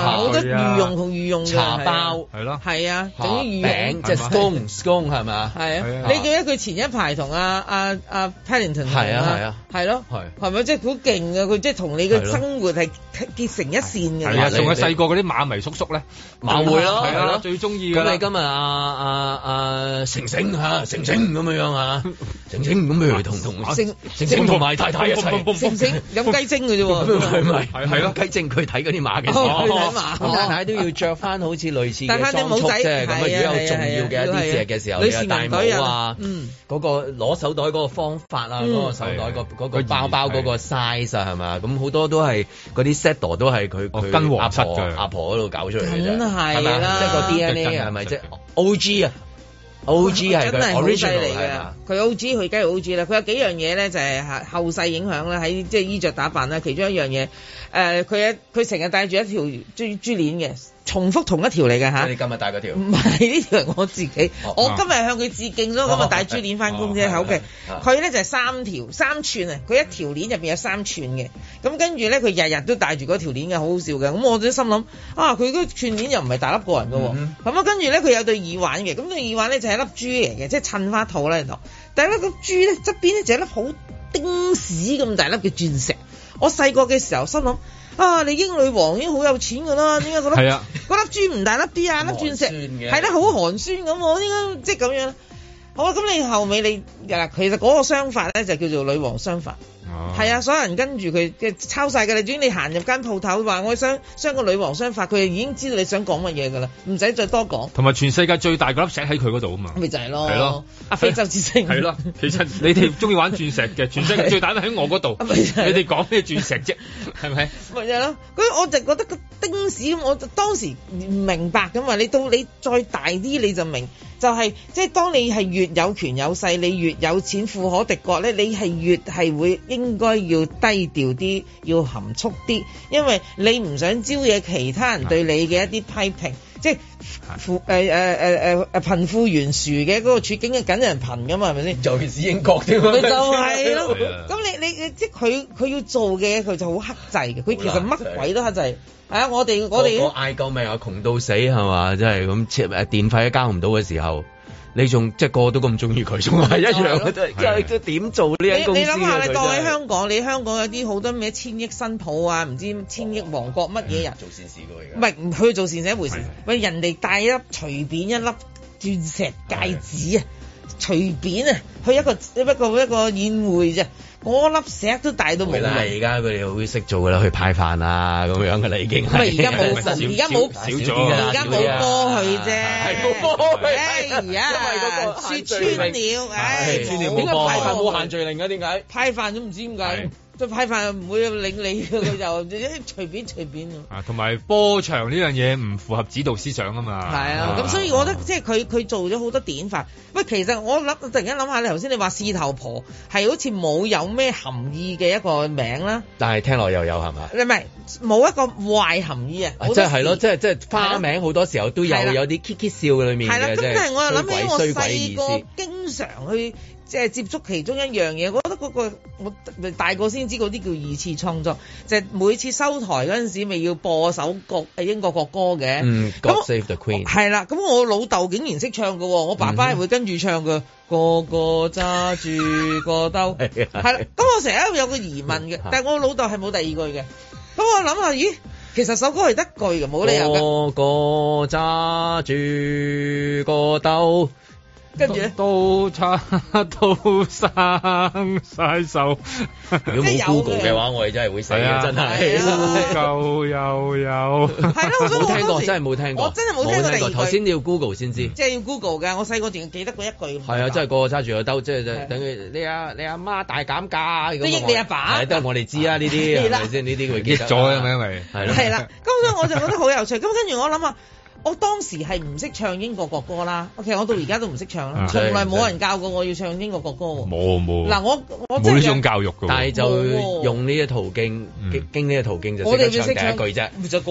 啊，好多御用同御用茶包係咯，係啊，等於御餅，就係 scone scone 係嘛，係啊。你記得佢前一排同阿阿阿 Patelton 同啊，係咯，係，係咪即係好勁啊？佢即係同你嘅生活係結成一線嘅。係啊，仲係細個啲馬迷叔叔咧，馬會咯，係咯，最中意。咁你今日阿阿阿成成嚇，成成咁樣樣嚇，成成咁樣樣同同成成同埋太太一齊，成成飲雞精嘅啫喎，唔係，係咯，雞精佢睇嗰啲打、哦、嘅，太太都、哦哦、要着翻好似類似嘅裝束，即係咁啊！如果有重要嘅一啲嘢嘅時候，女士大帽啊，嗯，嗰、那個攞手袋嗰個方法啊，嗰、嗯那個手袋個嗰、那個包包嗰個 size 啊，係咪？咁好多都係嗰啲 set 都係佢、哦、跟阿婆阿婆嗰度搞出嚟嘅，梗係啦，即係、就是、個 DNA 係咪即係 O.G. 啊？O.G. 係真係好犀利 i 佢 O.G. 佢梗係 O.G. 啦，佢有幾樣嘢咧就係吓後世影響啦，喺即係衣着打扮啦，其中一樣嘢誒，佢佢成日帶住一條珠珠鏈嘅。重複同一條嚟嘅嚇，啊、你今日戴嗰條？唔係呢條係我自己，oh, 我今日向佢致敬咗，咁、oh, okay、啊戴珠鏈返工啫好嘅，佢、啊、咧就係、是、三條三串、嗯嗯嗯、啊，佢一條鏈入邊有三串嘅，咁跟住咧佢日日都戴住嗰條鏈嘅，好好笑嘅。咁我都心諗啊，佢嗰串鏈又唔係大粒個人嘅喎，咁、嗯、啊、嗯嗯、跟住咧佢有對耳環嘅，咁對耳環咧就係、是、一粒珠嚟嘅，即係襯花套啦喺度。但係粒個珠咧側邊咧就係粒好丁屎咁大粒嘅鑽石。我細個嘅時候心諗。啊！你英女王已經好有錢㗎啦，點解覺得嗰、啊、粒鑽唔大粒啲啊？ [laughs] 粒鑽鑽石係啦，好 [laughs] 寒酸咁喎，應該即係咁樣。好啊，咁你後尾你嗱，其實嗰個商法咧就叫做女王商法。係啊，啊，所有人跟住佢即係抄晒嘅，轉你只要你行入間鋪頭，話我想想個女王商法，佢就已經知道你想講乜嘢噶啦，唔使再多講。同埋全世界最大嗰粒石喺佢嗰度啊嘛，咪就係咯，係咯，阿、啊、非洲之星，係咯，咯，其實你哋中意玩鑽石嘅， [laughs] 全世界最大都喺我嗰度， [laughs] 你哋講咩鑽石啫，係 [laughs] 咪？咪就係、是、咯，我就覺得個丁屎，我當時唔明白噶嘛，你到你再大啲你就明。就係、是，即係當你係越有權有勢，你越有錢富可敵國咧，你係越係會應該要低調啲，要含蓄啲，因為你唔想招惹其他人對你嘅一啲批評。即係富誒誒誒誒貧富懸殊嘅嗰個處境嘅緊人貧㗎嘛，係咪先？尤其是英國添。咪就係、是、咯。咁你你你即係佢佢要做嘅，佢就好克制嘅。佢其實乜鬼都克制。係啊，我哋我哋我嗌救命啊，窮到死係嘛？即係咁切誒，電費都交唔到嘅時候。你仲即係個個都咁中意佢，仲係一樣嘅，即係即係都點做呢？你你諗下，你當喺香港，你香港有啲好多咩千億新抱啊，唔知千億王國乜嘢人做善事㗎？唔係唔去做善事一回事，喂人哋戴一粒隨便一粒鑽石戒指啊，是是隨便啊，去一個一個一個，一個宴會啫。嗰、那、粒、個、石都大到唔同啦！而家佢哋好識做噶啦，去派飯啊咁樣噶啦，已經咁啊！而家冇，而家冇少咗而家冇波去啫。係冇多，因為而家個説穿了，説穿了冇點點解派飯冇限聚令，哎、沒沒限聚令啊？點解派飯都唔知點解？派飯就派飯唔會領你嘅，佢就誒隨便 [laughs] 隨便啊！同埋波長呢樣嘢唔符合指導思想啊嘛！係啊，咁所以我覺得、啊、即係佢佢做咗好多典範。喂、啊，其實我諗突然間諗下，你頭先你話四頭婆係好似冇有咩含義嘅一個名啦。但係聽落又有係嘛？你唔係冇一個壞含義啊，啊！即係係咯，即係即係花名好多時候都有有啲啍啍笑裏面嘅即係。衰鬼，鬼意思我細個經常去。即、就、係、是、接觸其中一樣嘢，我覺得嗰、那個我大個先知嗰啲叫二次創作，即、就、係、是、每次收台嗰陣時，咪要播首國英國國歌嘅。嗯、mm，God Save the Queen 係啦。咁我老豆竟然識唱嘅，我爸爸係會跟住唱嘅。Mm -hmm. 個個揸住個兜係啦。咁 [laughs] 是的 [laughs] 我成日有個疑問嘅， [laughs] 但係我老豆係冇第二句嘅。咁我諗下，咦，其實首歌係得句嘅，冇理由嘅。個個揸住個兜。跟住刀叉刀生晒手， [laughs] 如果冇 Google 嘅話，的我哋真係會死嘅，真係。又又又，係 [laughs] 咯，冇聽過，真係冇聽過，我真係冇聽過。頭先要 Google 先知道、嗯，即係要 Google 嘅。我細個仲記得嗰一句。係、就是、啊，真係個個揸住個兜，即係等你你阿你阿媽大減價咁。都你阿爸。係得我哋知啊呢啲，係咪先呢啲佢記咗咁嘛，因為係啦。係 [laughs] 啦是的，咁所以我就覺得好有趣。咁跟住我諗啊。 [laughs] 是的 [laughs] 是的. [laughs] 我當時係唔識唱英國國歌啦，其實我到而家都唔識唱啦，從來冇人教過我要唱英國國歌喎。冇冇。嗱，我我冇呢種教育㗎，但係就用呢個途徑，經呢個途徑就識得唱一句啫。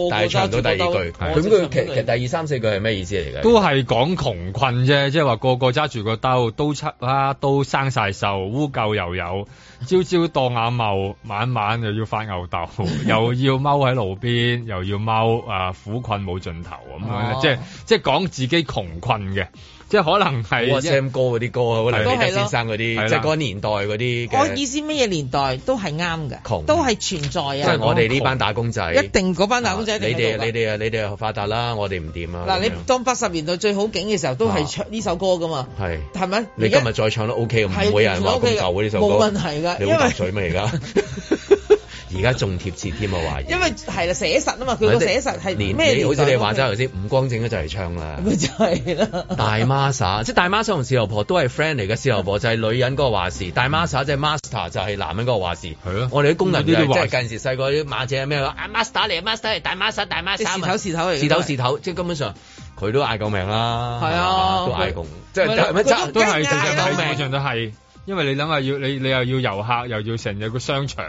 但係唱到第二句，咁佢其其實第二三四句係咩意思嚟嘅？都係講窮困啫，即係話個個揸住個兜都出啦，都生晒銹污垢又有。朝朝當眼眸，晚晚又要翻吽斗，又要踎喺路邊，又要踎啊苦困冇盡頭咁樣，哦、即係即係講自己窮困嘅。即係可能係 Sam 哥嗰啲歌，可能李德先生嗰啲，即係嗰年代嗰啲。我意思咩嘢年代都係啱嘅，窮都係存在啊！即係我哋呢班打工仔，一定嗰班打工仔一定。你哋你哋啊，你哋啊發達啦，我哋唔掂啊！嗱，你當八十年代最好景嘅時候都係唱呢首歌噶嘛？係，係咪？你今日再唱都 OK 咁，冇人話咁舊嘅呢首歌。冇問題㗎，你鹹水咩而家？ [laughs] 而家仲貼切添啊！話，因為係啦，寫實啊嘛，佢個寫實係連咩？好似你話齋頭先，五光正嘅就係唱啦，咪 [laughs] 就係喇。大媽沙即係大媽沙同事頭婆都係 friend 嚟嘅，事頭婆就係女人嗰個話事，大媽沙即係 master 就係男人嗰個話事。係、嗯、咯，我哋啲工人即、就、係、是嗯就是、近時細個啲馬姐係咩咯，master 嚟、啊、，master 係大、啊、master，大 master。啲頭事頭即係、就是、根本上佢都嗌救命啦，係啊，啊，都嗌窮，即係、就是就是、都係，隻隻都命，都係、就是，因為你諗下要你，你又要遊客，又要成日個商場。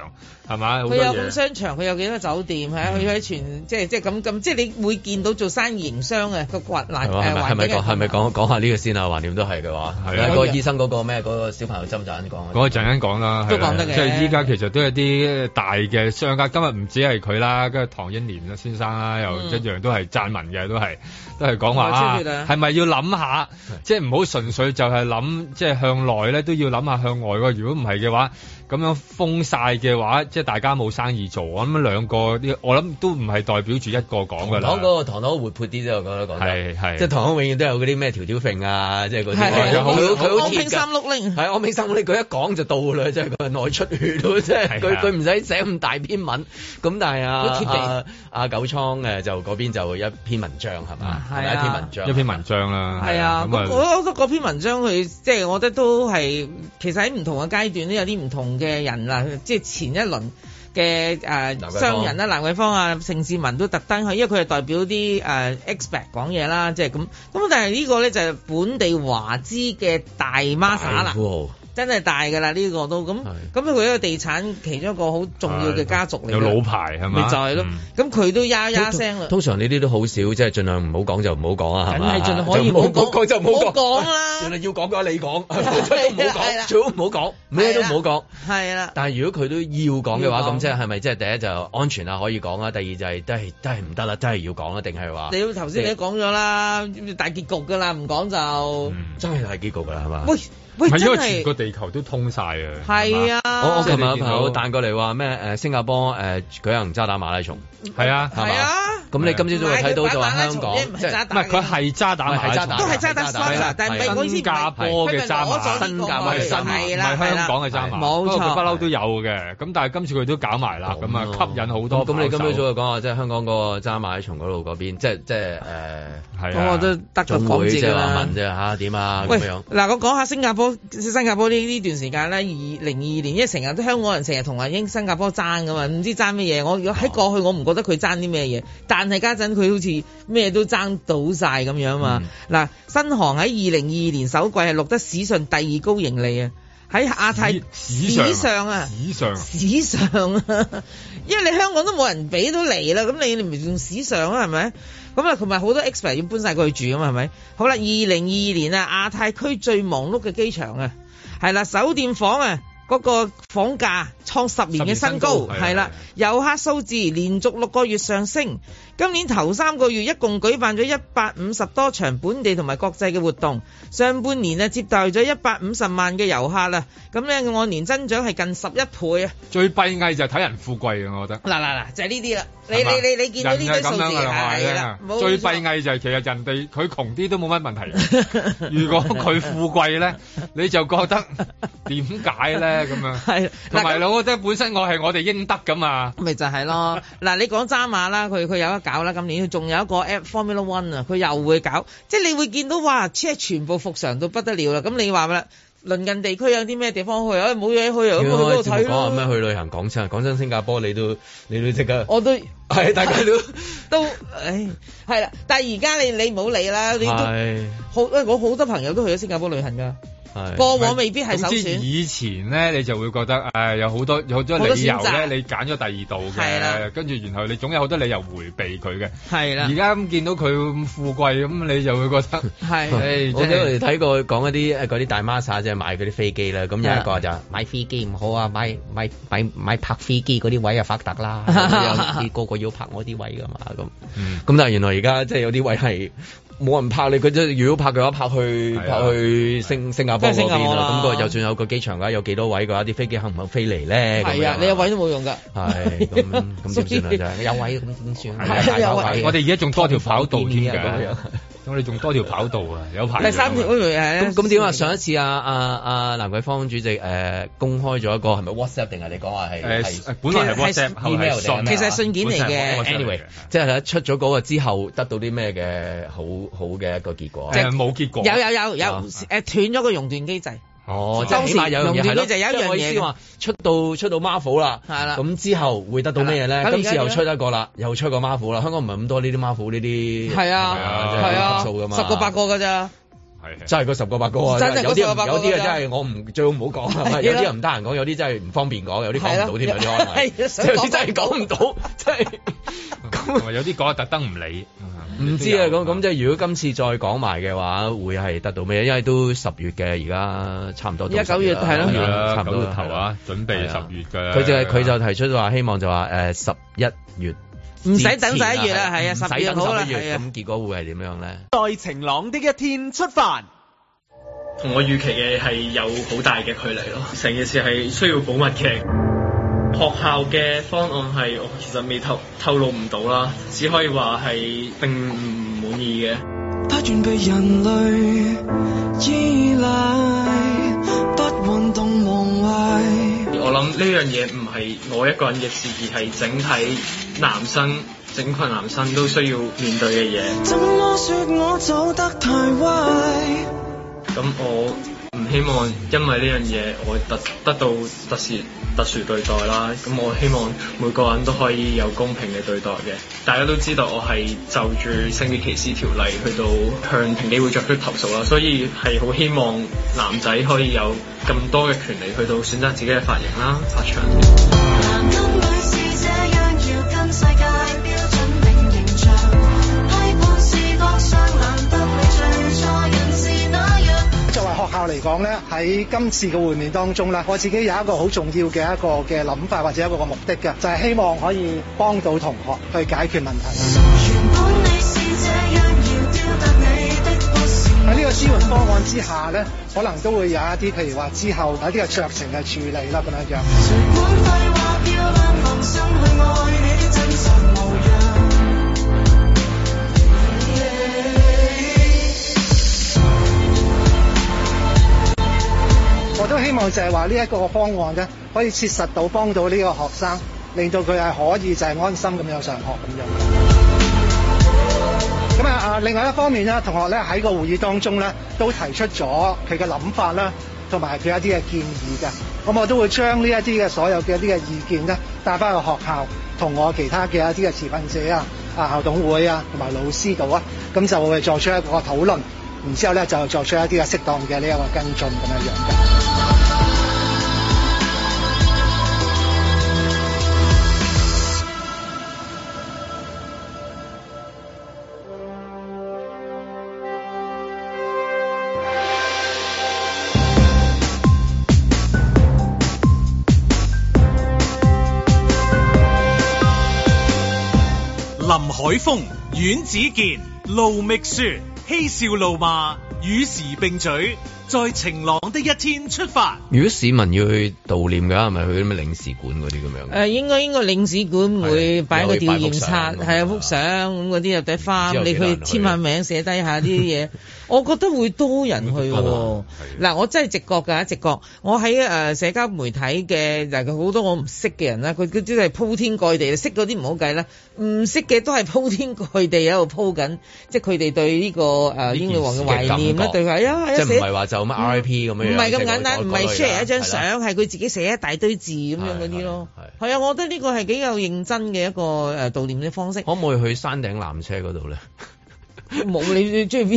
係嘛？佢有咁商場，佢有幾多酒店？嚇、嗯，佢喺全即係即係咁咁，即係你會見到做生意營商嘅個骨爛誒。係咪講係咪講講下呢個先啊？橫掂都係嘅話，係啊。啊那個醫生嗰個咩？嗰、那個小朋友針陣講我，嗰、那個陣陣講啦，都講得嘅、啊。即係依家其實都有啲大嘅商家，今日唔止係佢啦，跟住唐英年先生啦，又一樣都係贊文嘅，都係都係講話啊。係咪要諗下？即係唔好純粹就係諗，即、就、係、是、向內咧都要諗下向外。如果唔係嘅話。咁樣封曬嘅話，即係大家冇生意做。我諗兩個，我諗都唔係代表住一個講㗎啦。糖糖嗰個糖糖活潑啲啫，我覺得講得係即係糖永遠都有嗰啲咩條條揈啊，即係嗰啲。係、就、係、是。三碌拎，係我平三六零佢一講就到啦，真、就、係、是、內出血佢佢唔使寫咁大篇文，咁但係啊阿、啊啊、九倉就嗰邊就一篇文章係嘛？一篇文章一篇文章啦。係啊，嗰篇文章佢即我覺得都係其實喺唔同嘅階段都有啲唔同。嘅人啦，即係前一輪嘅誒，商人啦，蘭桂坊啊，盛志文都特登去，因為佢係代表啲誒 expert 講嘢啦，即係咁。咁、就是、但係呢個咧就係本地華資嘅大孖沙啦。真係大噶啦，呢、這個都咁咁佢一個地產其中一個好重要嘅家族嚟，有老牌係咪就係咯，咁、嗯、佢都呀呀聲啦。通常呢啲都好少，即、就、係、是、盡量唔好講就唔好講啊，係嘛？就唔好講啦。原來 [laughs] 要講嘅話，你講，最好唔好講，最好唔好講，咩都唔好講，係啦。但係如果佢都要講嘅話，咁即係係咪即係第一就安全啦，可以講啊？第二就係都係都係唔得啦，都係、就是、要講啊？定係話？你頭先你都講咗啦，大結局噶啦，唔講就、嗯、真係大結局噶啦，係嘛？喂！係因為全個地球都通晒啊！係啊！我我琴日有朋友彈過嚟話咩？誒新加坡誒舉行渣打馬拉松，係啊，係啊！咁你今朝早睇到就話香港？唔係佢係渣打，係渣打，都係渣打，係啦。新加坡嘅渣、呃、打馬，係、嗯啊啊啊啊、香港嘅渣打，冇錯，不嬲都有嘅。咁但係今次佢都搞埋啦，咁啊吸引好多。咁你今朝早就講話即係香港個渣馬拉松嗰度嗰邊，即係即係誒係啊！總會即係話問啫吓點啊咁樣。嗱，我講下新加坡。新加坡呢呢段時間咧，二零二二年，因為成日都香港人成日同阿英新加坡爭㗎嘛。唔知爭乜嘢。我喺過去我唔覺得佢爭啲咩嘢，但係家陣佢好似咩都爭到晒咁樣啊！嗱、嗯，新航喺二零二二年首季係錄得史上第二高盈利啊！喺亞太史，史，上史上啊，史上、啊、史上啊， [laughs] 因為你香港都冇人俾到嚟啦，咁你你咪用史上啊，係咪？咁啊，同埋好多 expert 要搬晒過去住啊嘛，係咪？好啦，二零二二年啊，亞太區最忙碌嘅機場啊，係啦，酒店房啊，嗰個房價創十年嘅新高，係啦，遊客數字，連續六個月上升。今年頭三個月一共舉辦咗一百五十多場本地同埋國際嘅活動，上半年啊接待咗一百五十萬嘅遊客啦，咁咧按年增長係近十一倍啊！最閉翳就係睇人富貴嘅，我覺得嗱嗱嗱就係呢啲啦，啦就是、你你你你見到呢啲數字係啦，最閉翳就係其實人哋佢窮啲都冇乜問題， [laughs] 如果佢富貴咧，你就覺得點解咧咁樣？係同埋老，即係本身我係我哋應得噶嘛？咪就係、是、咯，嗱你講揸馬啦，佢佢有一。搞啦！今年仲有一個 app Formula One 啊，佢又會搞，即係你會見到哇，車全部復常到不得了啦！咁你話啦，鄰近地區有啲咩地方去啊？冇、哎、嘢去啊、嗯嗯，去睇我之前講咩去旅行，講真，講真，新加坡你都你都即刻，我都係大家都 [laughs] 都唉，係啦！但係而家你你唔好理啦，你都好，因為我好多朋友都去咗新加坡旅行噶。過往未必係首選。之以前咧，你就會覺得誒，有好多有好多理由咧，你揀咗第二度嘅，係啦，跟住然後你總有好多理由回避佢嘅。係啦，而家咁見到佢咁富貴，咁你就會覺得係 [laughs] 唉。 [laughs] 我哋睇過講一啲嗰啲大媽即係買嗰啲飛機啦。咁有一個就買飛機唔好啊，買買買買拍飛機嗰啲位啊發達啦， [laughs] 你個個要拍我啲位噶嘛咁。咁、嗯、但係原來而家即係有啲位係。冇人拍你，佢真係如果拍嘅話，拍去、啊、拍去星新、啊、加坡嗰邊啦。咁個又算有個機場，嘅話有幾多位嘅話，啲飛機肯唔肯飛嚟咧？係啊，你有位都冇用㗎。係咁咁點算啊？你有位咁點算？係 [laughs] [laughs] 有位。那麼 [laughs] 啊位 [laughs] 啊、我哋而家仲多條跑道添、那個、樣。我哋仲多條跑道啊， [laughs] 有排。第三條嗰條咁點啊？上一次啊啊啊，南桂芳主席誒、呃、公開咗一個係咪 WhatsApp 定係你講話係？誒，本來係 WhatsApp 是、Email 係其實信件嚟嘅。Anyway，即係咧出咗嗰個之後，得到啲咩嘅好好嘅一個結果？即係冇結果。有有有有、啊啊、斷咗個熔斷機制。哦，周曬有嘢係就有一，就有一我意思話，出到出到 Marvel 啦，咁之後會得到咩嘢咧？今次又出一個啦，又出個 Marvel 啦。香港唔係咁多呢啲 Marvel 呢啲，係啊，係啊，十個八個㗎咋。.就是個個啊、真係個，個、啊、真係十個八個啊！有啲有啲 [laughs] 真的、 [laughs] 嗯嗯嗯、啊，真係我唔最好唔好講，有啲人唔得閒講，有啲真係唔方便講，有啲講唔到添。有啲真係講唔到，真係有啲講得特登唔理。唔知啊，咁咁即係如果今次再講埋嘅話，會係得到咩？因為都十月嘅，而家差唔多。而家九月係咯，差唔多，到月，月，差唔多月頭啊，準備十月嘅。佢就佢就提出話，希望就話誒十一月。唔使等十一月啦，係啊，十一，啊啊、月啦，咁、啊、結果會係點樣咧？在晴朗的一天出發，同我預期嘅係有好大嘅距離咯。成件事係需要保密嘅，學校嘅方案係我其實未透透露唔到啦，只可以話係並唔滿意嘅。不願被人類依賴，不妄動夢壞。我諗呢樣嘢，唔係我一個人嘅事，而係整體男生，整群男生都需要面對嘅嘢。咁我，我，我。唔希望因為呢樣嘢，我得得到特殊特殊對待啦。咁我希望每個人都可以有公平嘅對待嘅。大家都知道我係就住性別歧視條例去到向平機會作出投訴啦。所以係好希望男仔可以有更多嘅權利去到選擇自己嘅髮型啦，髮長。我嚟講咧，喺今次嘅會面當中咧，我自己有一個好重要嘅一個嘅諗法或者一個嘅目的嘅，就係希望可以幫到同學去解決問題。喺呢個支援方案之下咧，可能都會有一啲譬如話之後有啲嘅酌情嘅處理啦，樣本校。漂亮都希望就係話呢一個方案咧，可以切實到幫到呢個學生，令到佢係可以就係安心咁樣上學咁樣。咁啊啊，另外一方面咧，同學咧喺個會議當中咧，都提出咗佢嘅諗法啦，同埋佢一啲嘅建議嘅。咁我都會將呢一啲嘅所有嘅一啲嘅意見咧，帶翻去學校，同我其他嘅一啲嘅持份者啊、啊校董會啊同埋老師度啊，咁就會作出一個討論。然之後咧，就作出一啲嘅適當嘅呢一個跟進咁嘅樣嘅。林海峰、阮子健、盧覓雪。嬉笑怒罵，與時並舉。在晴朗的一天出發。如果市民要去悼念㗎，係咪去啲咩領事館啲咁樣？誒、呃，應該應該領事館會擺個吊唁冊，係一幅相咁啲入啲花，你去簽下名，寫 [laughs] 低下啲嘢。我覺得會多人去。嗱、 [laughs] 啊，我真係直覺㗎，直覺。我喺誒、呃、社交媒體嘅，就係好多我唔識嘅人啦。佢佢都係鋪天蓋地，識嗰啲唔好計啦，唔識嘅都係鋪天蓋地喺度鋪緊，即係佢哋對呢、這個誒、呃、英女王嘅懷念啦，對佢啊、哎，即係唔係話有乜 RIP 咁樣，唔係咁簡單，唔係 share 一張相，係佢自己寫一大堆字咁樣嗰啲咯。係啊，我覺得呢個係幾有認真嘅一個誒悼念嘅方、方式。可唔可以去山頂纜車嗰度咧？冇 [laughs] 你你中意唔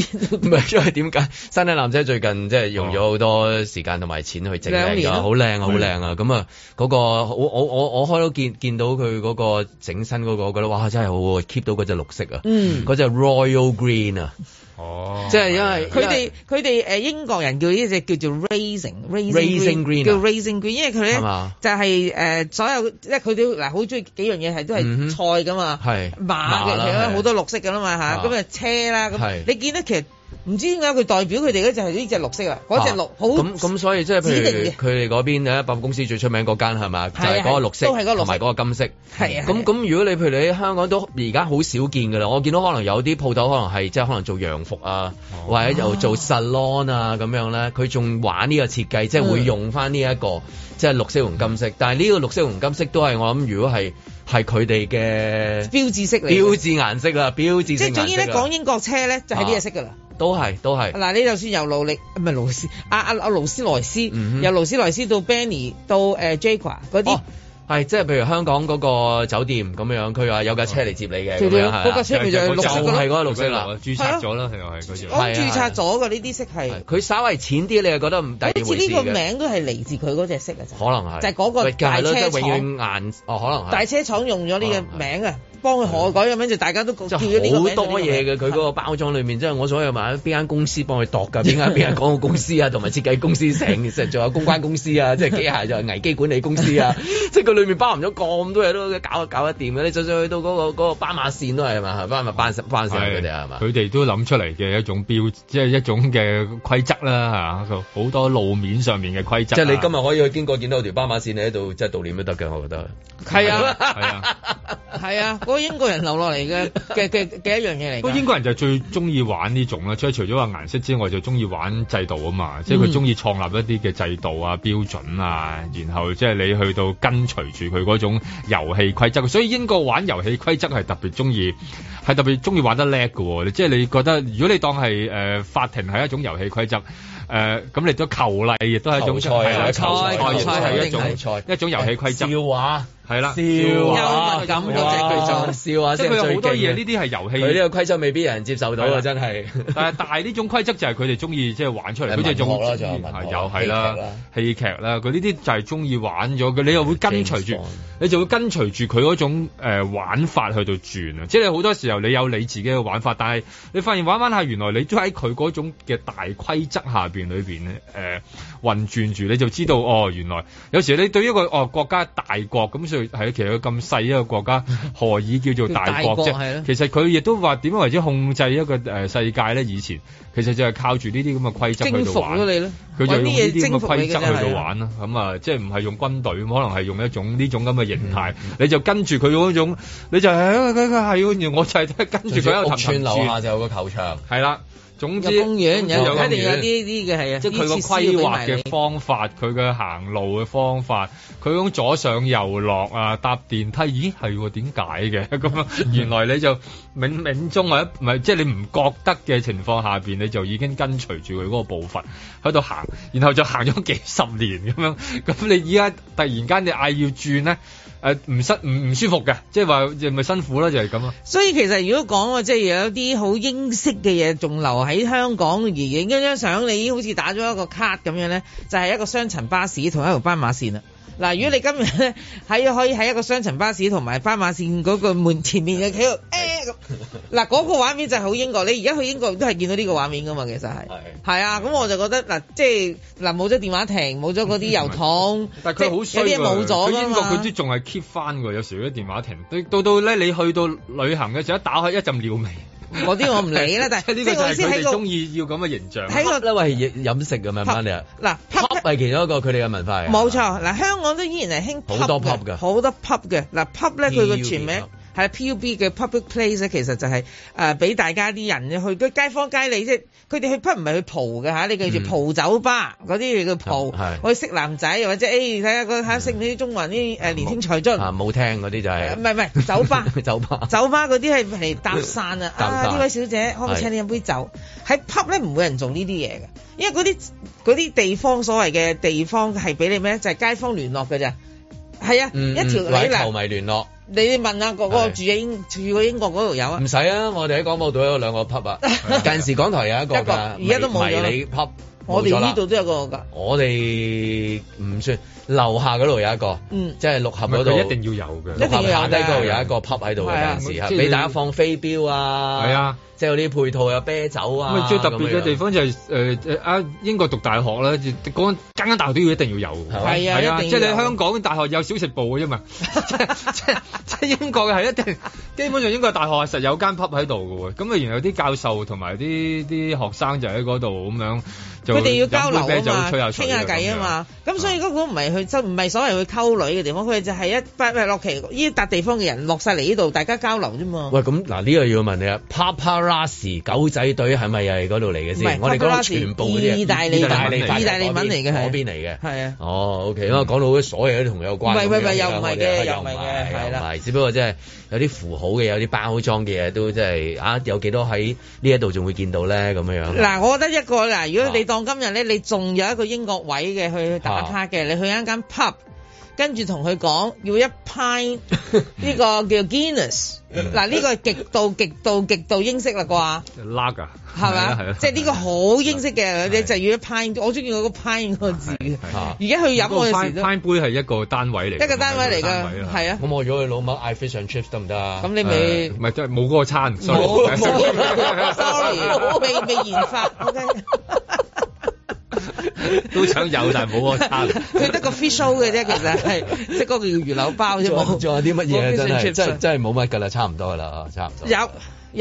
係因為點解？山頂纜車最近即係用咗好多時間同埋錢去整靚好靚啊，好靚啊！咁啊，嗰、那個我我我我開到見見到佢嗰個整身嗰、那個，覺得哇真係好啊，keep 到嗰隻綠色啊，嗰、嗯、隻 Royal Green 啊！哦，即、就、係、是、因為佢哋佢哋誒，他們英國人叫呢隻叫做 Racing Racing Green, Racing Green、啊、叫 Racing Green，因為佢咧就係、是、誒、呃、所有即係佢哋嗱好中意幾樣嘢係都係菜噶嘛，係、嗯、馬嘅其他好多綠色噶啦嘛吓咁啊車啦，咁你見到其實。唔知點解佢代表佢哋嗰就係呢隻綠色隻綠啊，嗰隻綠好。咁咁所以即係譬如佢哋嗰邊咧，百貨公司最出名嗰間係咪，就係、是、嗰個綠色同埋嗰個金色。係啊。咁咁如果你譬如你喺香港都而家好少見㗎啦，我見到可能有啲鋪頭可能係即係可能做洋服啊，或者又做 salon 啊咁樣咧，佢仲玩呢個設計，即係會用翻呢一個、嗯、即係綠色同金色。但係呢個綠色同金色都係我諗如果係。係佢哋嘅標誌色嚟，標誌顏色,色啊，標誌即係總之咧，講英國車咧，就係呢隻色㗎啦。都係都係嗱，你就算由勞力唔係勞斯，啊啊，阿勞斯萊斯，由勞斯萊斯到 Benny 到誒 Jaguar 嗰啲。Uh, 係，即係譬如香港嗰個酒店咁、嗯、樣，佢話有架車嚟接你嘅，係啦，係啦，係個綠色啦，註冊咗啦，係咪？我註冊咗嘅呢啲色係，佢稍微淺啲，你又覺得唔抵。好似呢個名都係嚟自佢嗰隻色啊，可能係，就係、是、嗰個大車廠即、就是、永遠顏，哦，可能大車廠用咗呢個名啊。幫佢何改咁樣，就、嗯、大家都叫好多嘢嘅。佢嗰個包裝裏面，即、就、係、是、我所謂話邊間公司幫佢度噶，邊間邊間廣告公司啊，同埋設計公司成，成仲有公關公司啊，即係機械就係 [laughs] 危機管理公司啊， [laughs] 即係佢裏面包含咗咁多嘢都搞一搞一掂嘅。你就算去到嗰、那個、那個斑馬線都係嘛，斑馬斑斑佢哋係嘛，佢哋都諗出嚟嘅一種標，即係一種嘅規則啦，吓好多路面上面嘅規則。即係你今日可以去經過見到條斑馬線，你喺度即係悼念都得嘅，我覺得係啊，係啊，係啊。 [laughs] 個 [laughs] 英國人留落嚟嘅嘅嘅嘅一樣嘢嚟。個英國人就最中意玩呢種啦，即係除咗話顏色之外，就中意玩制度啊嘛。即係佢中意創立一啲嘅制度啊、標準啊，然後即係你去到跟隨住佢嗰種遊戲規則。所以英國玩遊戲規則係特別中意，係特別中意玩得叻㗎喎、哦。即、就、係、是、你覺得，如果你當係誒、呃、法庭係一種遊戲規則，誒、呃、咁你都球例亦都係一種係啦，笑啊咁，即係佢有好多嘢，呢啲係遊戲。呢個規則未必有人接受到啊，真係。但係呢種規則就係佢哋中意，即係玩出嚟。佢哋仲有係又係啦，戲劇啦，佢呢啲就係中意玩咗。佢、嗯、你又會跟隨住，你就會跟隨住佢嗰種、呃、玩法去到轉啊。即係好多時候，你有你自己嘅玩法，但係你發現玩玩下，原來你都喺佢嗰種嘅大規則下邊裏邊咧誒運轉住，你就知道哦，原來有時你對於一個哦國家大國咁。係其實佢咁細一個國家，何以叫做大國啫、 [laughs] 就是。其實佢亦都話點樣為之控制一個誒世界咧？以前其實就係靠住呢啲咁嘅規則去到玩。征服咗你咧？佢就用呢啲咁嘅規則去到玩啦。咁啊，即係唔係用軍隊，可能係用一種呢種咁嘅形態、嗯。你就跟住佢用一種，你就係一個係，我就係跟住佢。屋邨樓下就有個球場。係啦。總之，公園有肯定有啲啲嘅係啊，即係佢個規劃嘅方法，佢嘅行路嘅方法，佢嗰左上右落啊，搭電梯，咦係喎？點解嘅咁樣？原來你就冥冥 [laughs] 中唔係即係你唔覺得嘅情況下邊，你就已經跟隨住佢嗰個步伐喺度行，然後就行咗幾十年咁樣，咁你依家突然間你嗌要轉咧？誒唔唔唔舒服嘅，即係話係咪辛苦咧？就係咁啊！所以其實如果講話，即係有一啲好英式嘅嘢仲留喺香港，而影一張相，你好似打咗一個卡咁樣咧，就係一個雙層巴士同一條斑馬線啦。嗱，如果你今日咧喺可以喺一個雙層巴士同埋斑馬線嗰個門前面嘅企喺度，咁、 [laughs] 欸，嗱、那、嗰個畫面就係好英國。你而家去英國都係見到呢個畫面噶嘛，其實係係啊。咁我就覺得嗱，即係嗱冇咗電話亭，冇咗嗰啲郵筒、嗯，但係佢好少。啲衰啊。英國佢都仲係 keep 翻喎，有時啲電話亭到到咧，你去到旅行嘅時候一打開一陣尿味。嗰 [laughs] 啲我唔理啦， [laughs] 但係呢個我先係中意要咁嘅形象。喺個咧喂飲食慢慢嚟？嗱 pub 係其中一個佢哋嘅文化冇錯。嗱，香港都依然係興多 pub 嘅，好多 pub 嘅。嗱 pub 咧佢個全名。 [music] 係 pub 嘅 public place 咧，其實就係誒俾大家啲人去，街坊街裏啫。佢哋去 pub 唔係去蒲嘅嚇，你記住蒲、嗯、酒吧嗰啲叫蒲，去、嗯、識男仔或者誒睇下嗰睇下識唔識啲中環啲誒年輕才俊啊，冇聽嗰啲就係唔係唔係酒吧，酒吧酒吧嗰啲係係搭訕啊！ [laughs] 啊，呢、啊、位小姐可唔可以請你飲杯酒？喺 pub 咧唔會有人做呢啲嘢嘅，因為嗰啲啲地方所謂嘅地方係俾你咩？就係、是、街坊聯絡嘅啫。係啊、嗯，一條女嚟。你問下個、那個住英住個英國嗰度有啊？唔使啊，我哋喺廣播道有兩個 pub 啊。近時港台有一個，而 [laughs] 家都冇咗，迷你 pub，我哋呢度都有個㗎。我哋唔算，樓下嗰度有一個，嗯、即係六合嗰度一定要有嘅，一定要啊！下低嗰度有一個 pub 喺度嘅，近時嚇，俾大家放飛鏢啊。係啊。就你配套有啤酒啊！最特別嘅地方就係誒啊英國讀大學啦。嗰、嗯、間間大學都要一定要有嘅。係啊，係啊，一定。即、就、係、是、你香港大學有小食部嘅啫嘛，即係即係英國嘅係一定，基本上英國大學實有間 pub 喺度嘅喎。咁啊，然後啲教授同埋啲啲學生就喺嗰度咁樣，佢哋要交流啊傾下偈啊嘛。咁、啊啊啊、所以嗰個唔係去真唔係所謂去溝女嘅地方，佢、啊、就係一不落奇呢一笪地方嘅人落晒嚟呢度，大家交流啫嘛。喂，咁嗱呢個要問你啊 pub pub Plus 狗仔隊係咪又係嗰度嚟嘅先？我哋嗰個全部嗰啲意大利、意大利、意大利文嚟嘅，係嗰邊嚟嘅。係啊，哦，OK，因、嗯、講到啲所有都同有關係嘅。唔係唔係又唔係嘅，又唔係嘅，係、啊、啦。只不過真係有啲符號嘅，有啲包裝嘅嘢都真、就、係、是、啊，有幾多喺呢一度仲會見到咧咁樣樣？嗱，我覺得一個嗱，如果你當今日咧、啊，你仲有一個英國位嘅去打卡嘅、啊，你去一間 pub。跟住同佢講要一 pint，呢個叫 Guinness，嗱 [laughs] 呢、嗯、個極度極度極度英式啦啩，Lager 係咪啊？即係呢個好英式嘅，你就是、要一 pint。我中意嗰個 pint 嗰個字。而家去飲我嘅時 pint 杯係一個單位嚟。一個單位嚟㗎，係啊。咁我如果去老闆嗌 Fish and Chips 得唔得啊？咁你未？唔係，都係冇嗰個餐。Sorry，sorry 未未研發。 [laughs] okay [laughs] 都想有但冇我差，佢得個 fish show 嘅啫，其實係即係嗰個叫魚柳包啫冇仲有啲乜嘢真係真係冇乜㗎啦，差唔多㗎啦，差唔多。有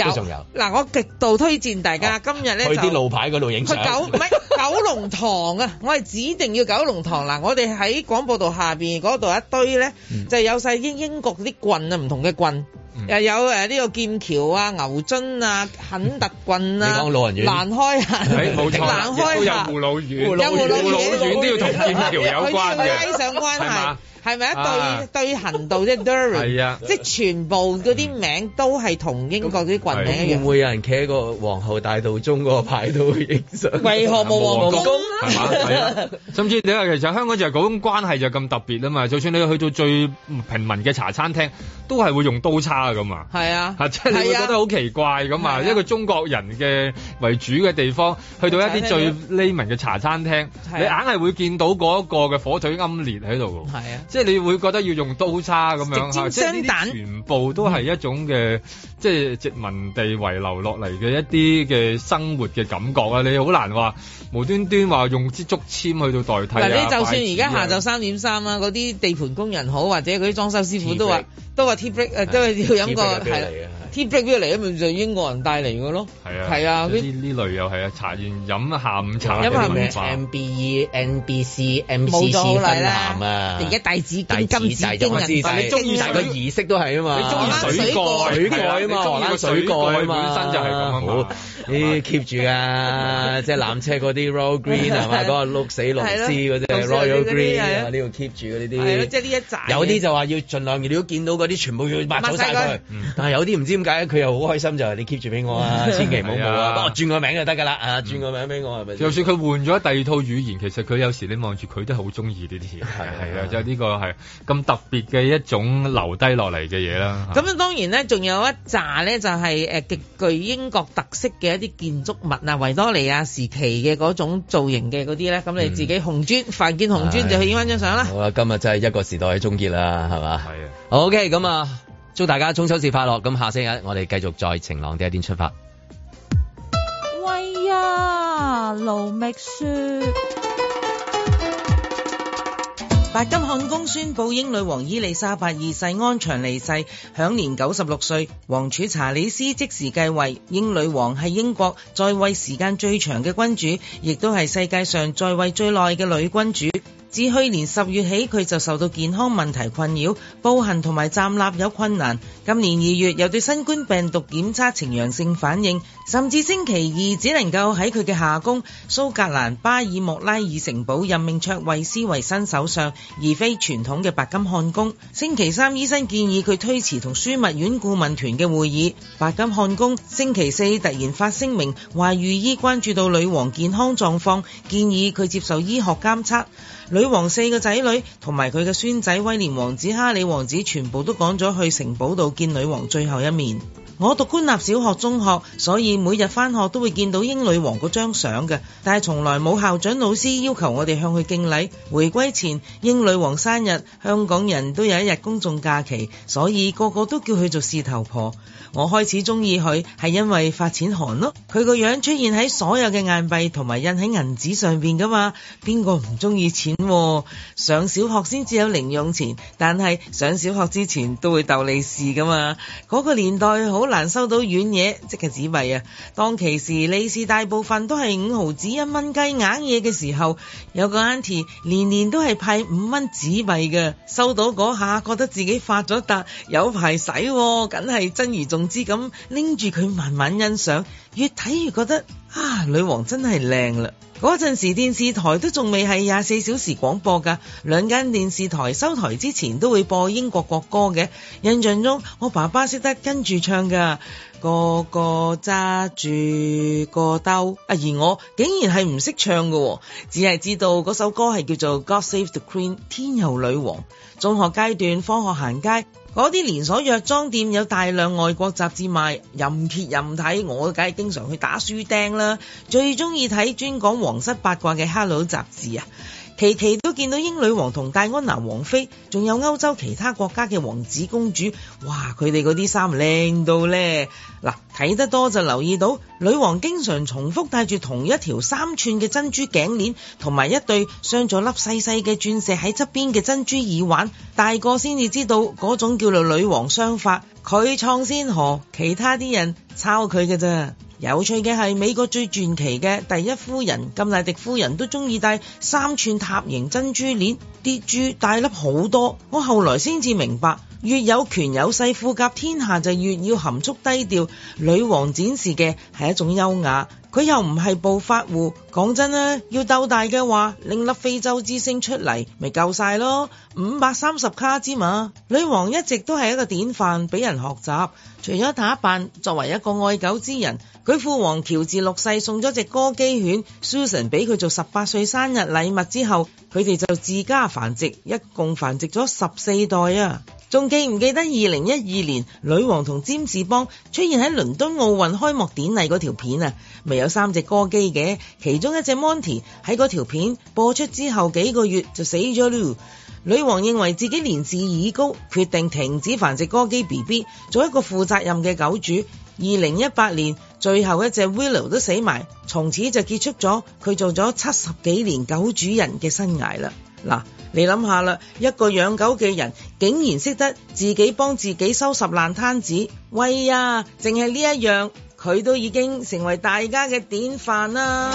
有仲有。嗱，我極度推薦大家、哦、今日咧去啲路牌嗰度影相。佢九唔係 [laughs] 九龍塘啊！我係指定要九龍塘嗱， [laughs] 我哋喺廣播道下面嗰度一堆咧，嗯、就有晒英英國啲棍啊，唔同嘅棍。嗯、又有誒呢個劍橋啊、牛津啊、肯特郡啊、南開啊，南、哎、開啊有，有胡老院，有胡老院，胡老院，胡老院都要同劍橋有關嘅，他 [laughs] 係咪啊？對對，行道即係 Durham，即係全部嗰啲名都係同英國嗰啲郡名一樣。會唔會有人企喺個皇后大道中嗰個牌度影相？為何冇皇宮啊？甚至你話其實香港就係嗰種關係就咁特別啊嘛！就算你去到最平民嘅茶餐廳，都係會用刀叉㗎嘛。係啊，即係你會覺得好奇怪咁啊！一個中國人嘅為主嘅地方，去到一啲最 low 民嘅茶餐廳，你硬係會見到嗰個嘅火腿奄列喺度㗎。係啊。即係你會覺得要用刀叉咁樣，即係全部都係一種嘅、嗯，即係殖民地遺留落嚟嘅一啲嘅生活嘅感覺啊！你好難話無端端話用支竹簽去到代替、啊。嗱，你就算而家下晝三點三啊，啲地盤工人好，或者啲裝修師傅都話都話 tea break，都係要飲過，係啦 tea break 都嚟咁咪就英國人帶嚟嘅咯。係啊，係啊，呢呢類又係啊，茶、啊、園、啊啊啊啊啊、飲下午茶嘅咩？N B E N B C M C C 分站啊，而家紙大金紙但，紫紫但你中意大個儀式都係啊嘛，你中意水蓋水蓋啊嘛，你中意水，水蓋本身就係咁好。 [laughs] 你 keep 住啊， [laughs] 即係纜車嗰啲 Royal Green 係 [laughs] 嘛，嗰、嗰個綠死綠絲嗰啲 Royal Green 啊，呢個 keep 住呢啲，即係呢一紮。有啲就話要盡量，你都見到嗰啲全部要抹走晒佢、嗯，但係有啲唔知點解佢又好開心，就係、係、你 keep 住俾我啊， [laughs] 千祈唔好冇啊，幫我轉個名就得㗎啦啊，轉個名俾我係咪？就算佢換咗第二套語言，其實佢有時你望住佢都好中意呢啲嘢，係係啊，就係呢個。係咁特別嘅一種留低落嚟嘅嘢啦。咁啊當然咧，仲有一紮咧就係、是、誒極具英國特色嘅一啲建築物啊，維多利亞時期嘅嗰種造型嘅嗰啲咧。咁你自己紅磚，凡、嗯、見紅磚就去影翻張相啦。好啦，今日真係一個時代嘅終結啦，係嘛？係。好 OK，咁啊，祝大家中秋節快樂。咁下星期我哋繼續再晴朗的一天出發。喂啊，盧覓雪。白金漢宮宣布，英女王伊麗莎白二世安詳離世，享年九十六歲。王儲查理斯即時繼位。英女王係英國在位時間最長嘅君主，亦都係世界上在位最耐嘅女君主。自去年十月起，佢就受到健康問題困擾，步行同埋站立有困難。今年二月又對新冠病毒檢測呈陽性反應，甚至星期二只能夠喺佢嘅夏宮蘇格蘭巴爾莫拉爾城堡任命卓慧思為新首相，而非傳統嘅白金漢宮。星期三，醫生建議佢推遲同樞密院顧問團嘅會議，白金漢宮星期四突然發聲明，話御醫關注到女王健康狀況，建議佢接受醫學監察。女王四個仔女同埋佢嘅孫仔威廉王子、哈利王子，全部都趕咗去城堡度見女王最後一面。我讀官立小學、中學，所以每日返學都會見到英女王嗰張相嘅，但係從來冇校長、老師要求我哋向佢敬禮。回歸前，英女王生日，香港人都有一日公眾假期，所以個個都叫佢做事頭婆。我開始中意佢係因為發錢寒咯，佢個樣出現喺所有嘅硬幣同埋印喺銀紙上邊噶嘛，邊個唔中意錢啊？上小學先至有零用錢，但係上小學之前都會逗利是噶嘛。嗰，那個年代好難收到軟嘢，即係紙幣啊。當其時利是大部分都係五毫子一蚊雞硬嘢嘅時候，有個 aunty 年年都係派五蚊紙幣嘅，收到嗰下覺得自己發咗達，有排使啊，梗係珍而重。唔知咁拎住佢慢慢欣賞，越睇越覺得啊，女王真係靚啦！嗰陣時電視台都仲未係廿四小時廣播噶，兩間電視台收台之前都會播英國國歌嘅。印象中我爸爸識得跟住唱噶，個個揸住個兜啊，而我竟然係唔識唱噶，只係知道嗰首歌係叫做 God Save the Queen，天佑女王。中學階段科學行街。嗰啲連鎖藥妝店有大量外國雜誌賣，任揭任睇，我梗係經常去打書釘啦。最中意睇專講皇室八卦嘅《Hello》雜誌啊！期期都見到英女王同戴安娜王妃，仲有歐洲其他國家嘅王子公主，哇！佢哋嗰啲衫靚到呢！嗱睇得多就留意到，女王經常重複戴住同一條三寸嘅珍珠頸鏈，同埋一對鑲咗粒細細嘅鑽石喺側邊嘅珍珠耳環。大個先至知道嗰種叫做女王雙法，佢創先河，其他啲人抄佢嘅咋。有趣嘅係美國最傳奇嘅第一夫人甘迺迪夫人都中意戴三寸塔形珍珠鏈，啲珠大粒好多。我後來先至明白，越有權有勢富甲天下就越要含蓄低調。女王展示嘅係一種優雅。佢又唔係暴發戶，講真啊，要鬥大嘅話，拎粒非洲之星出嚟，咪夠晒咯，五百三十卡之嘛。女王一直都係一個典範，俾人學習。除咗打扮，作為一個愛狗之人，佢父皇喬治六世送咗隻哥基犬 Susan 俾佢做十八歲生日禮物之後，佢哋就自家繁殖，一共繁殖咗十四代啊。仲記唔記得二零一二年，女王同詹士邦出現喺倫敦奧運開幕典禮嗰條片啊？咪有三隻哥基嘅，其中一隻 Monty 喺嗰條片播出之後幾個月就死咗了。女王認為自己年事已高，決定停止繁殖哥基 B B，做一個負責任嘅狗主。二零一八年最後一隻 Willow 都死埋，從此就結束咗佢做咗七十幾年狗主人嘅生涯啦。嗱。你諗下啦，一個養狗嘅人竟然識得自己幫自己收拾爛攤子，喂呀！淨係呢一樣，佢都已經成為大家嘅典範啦。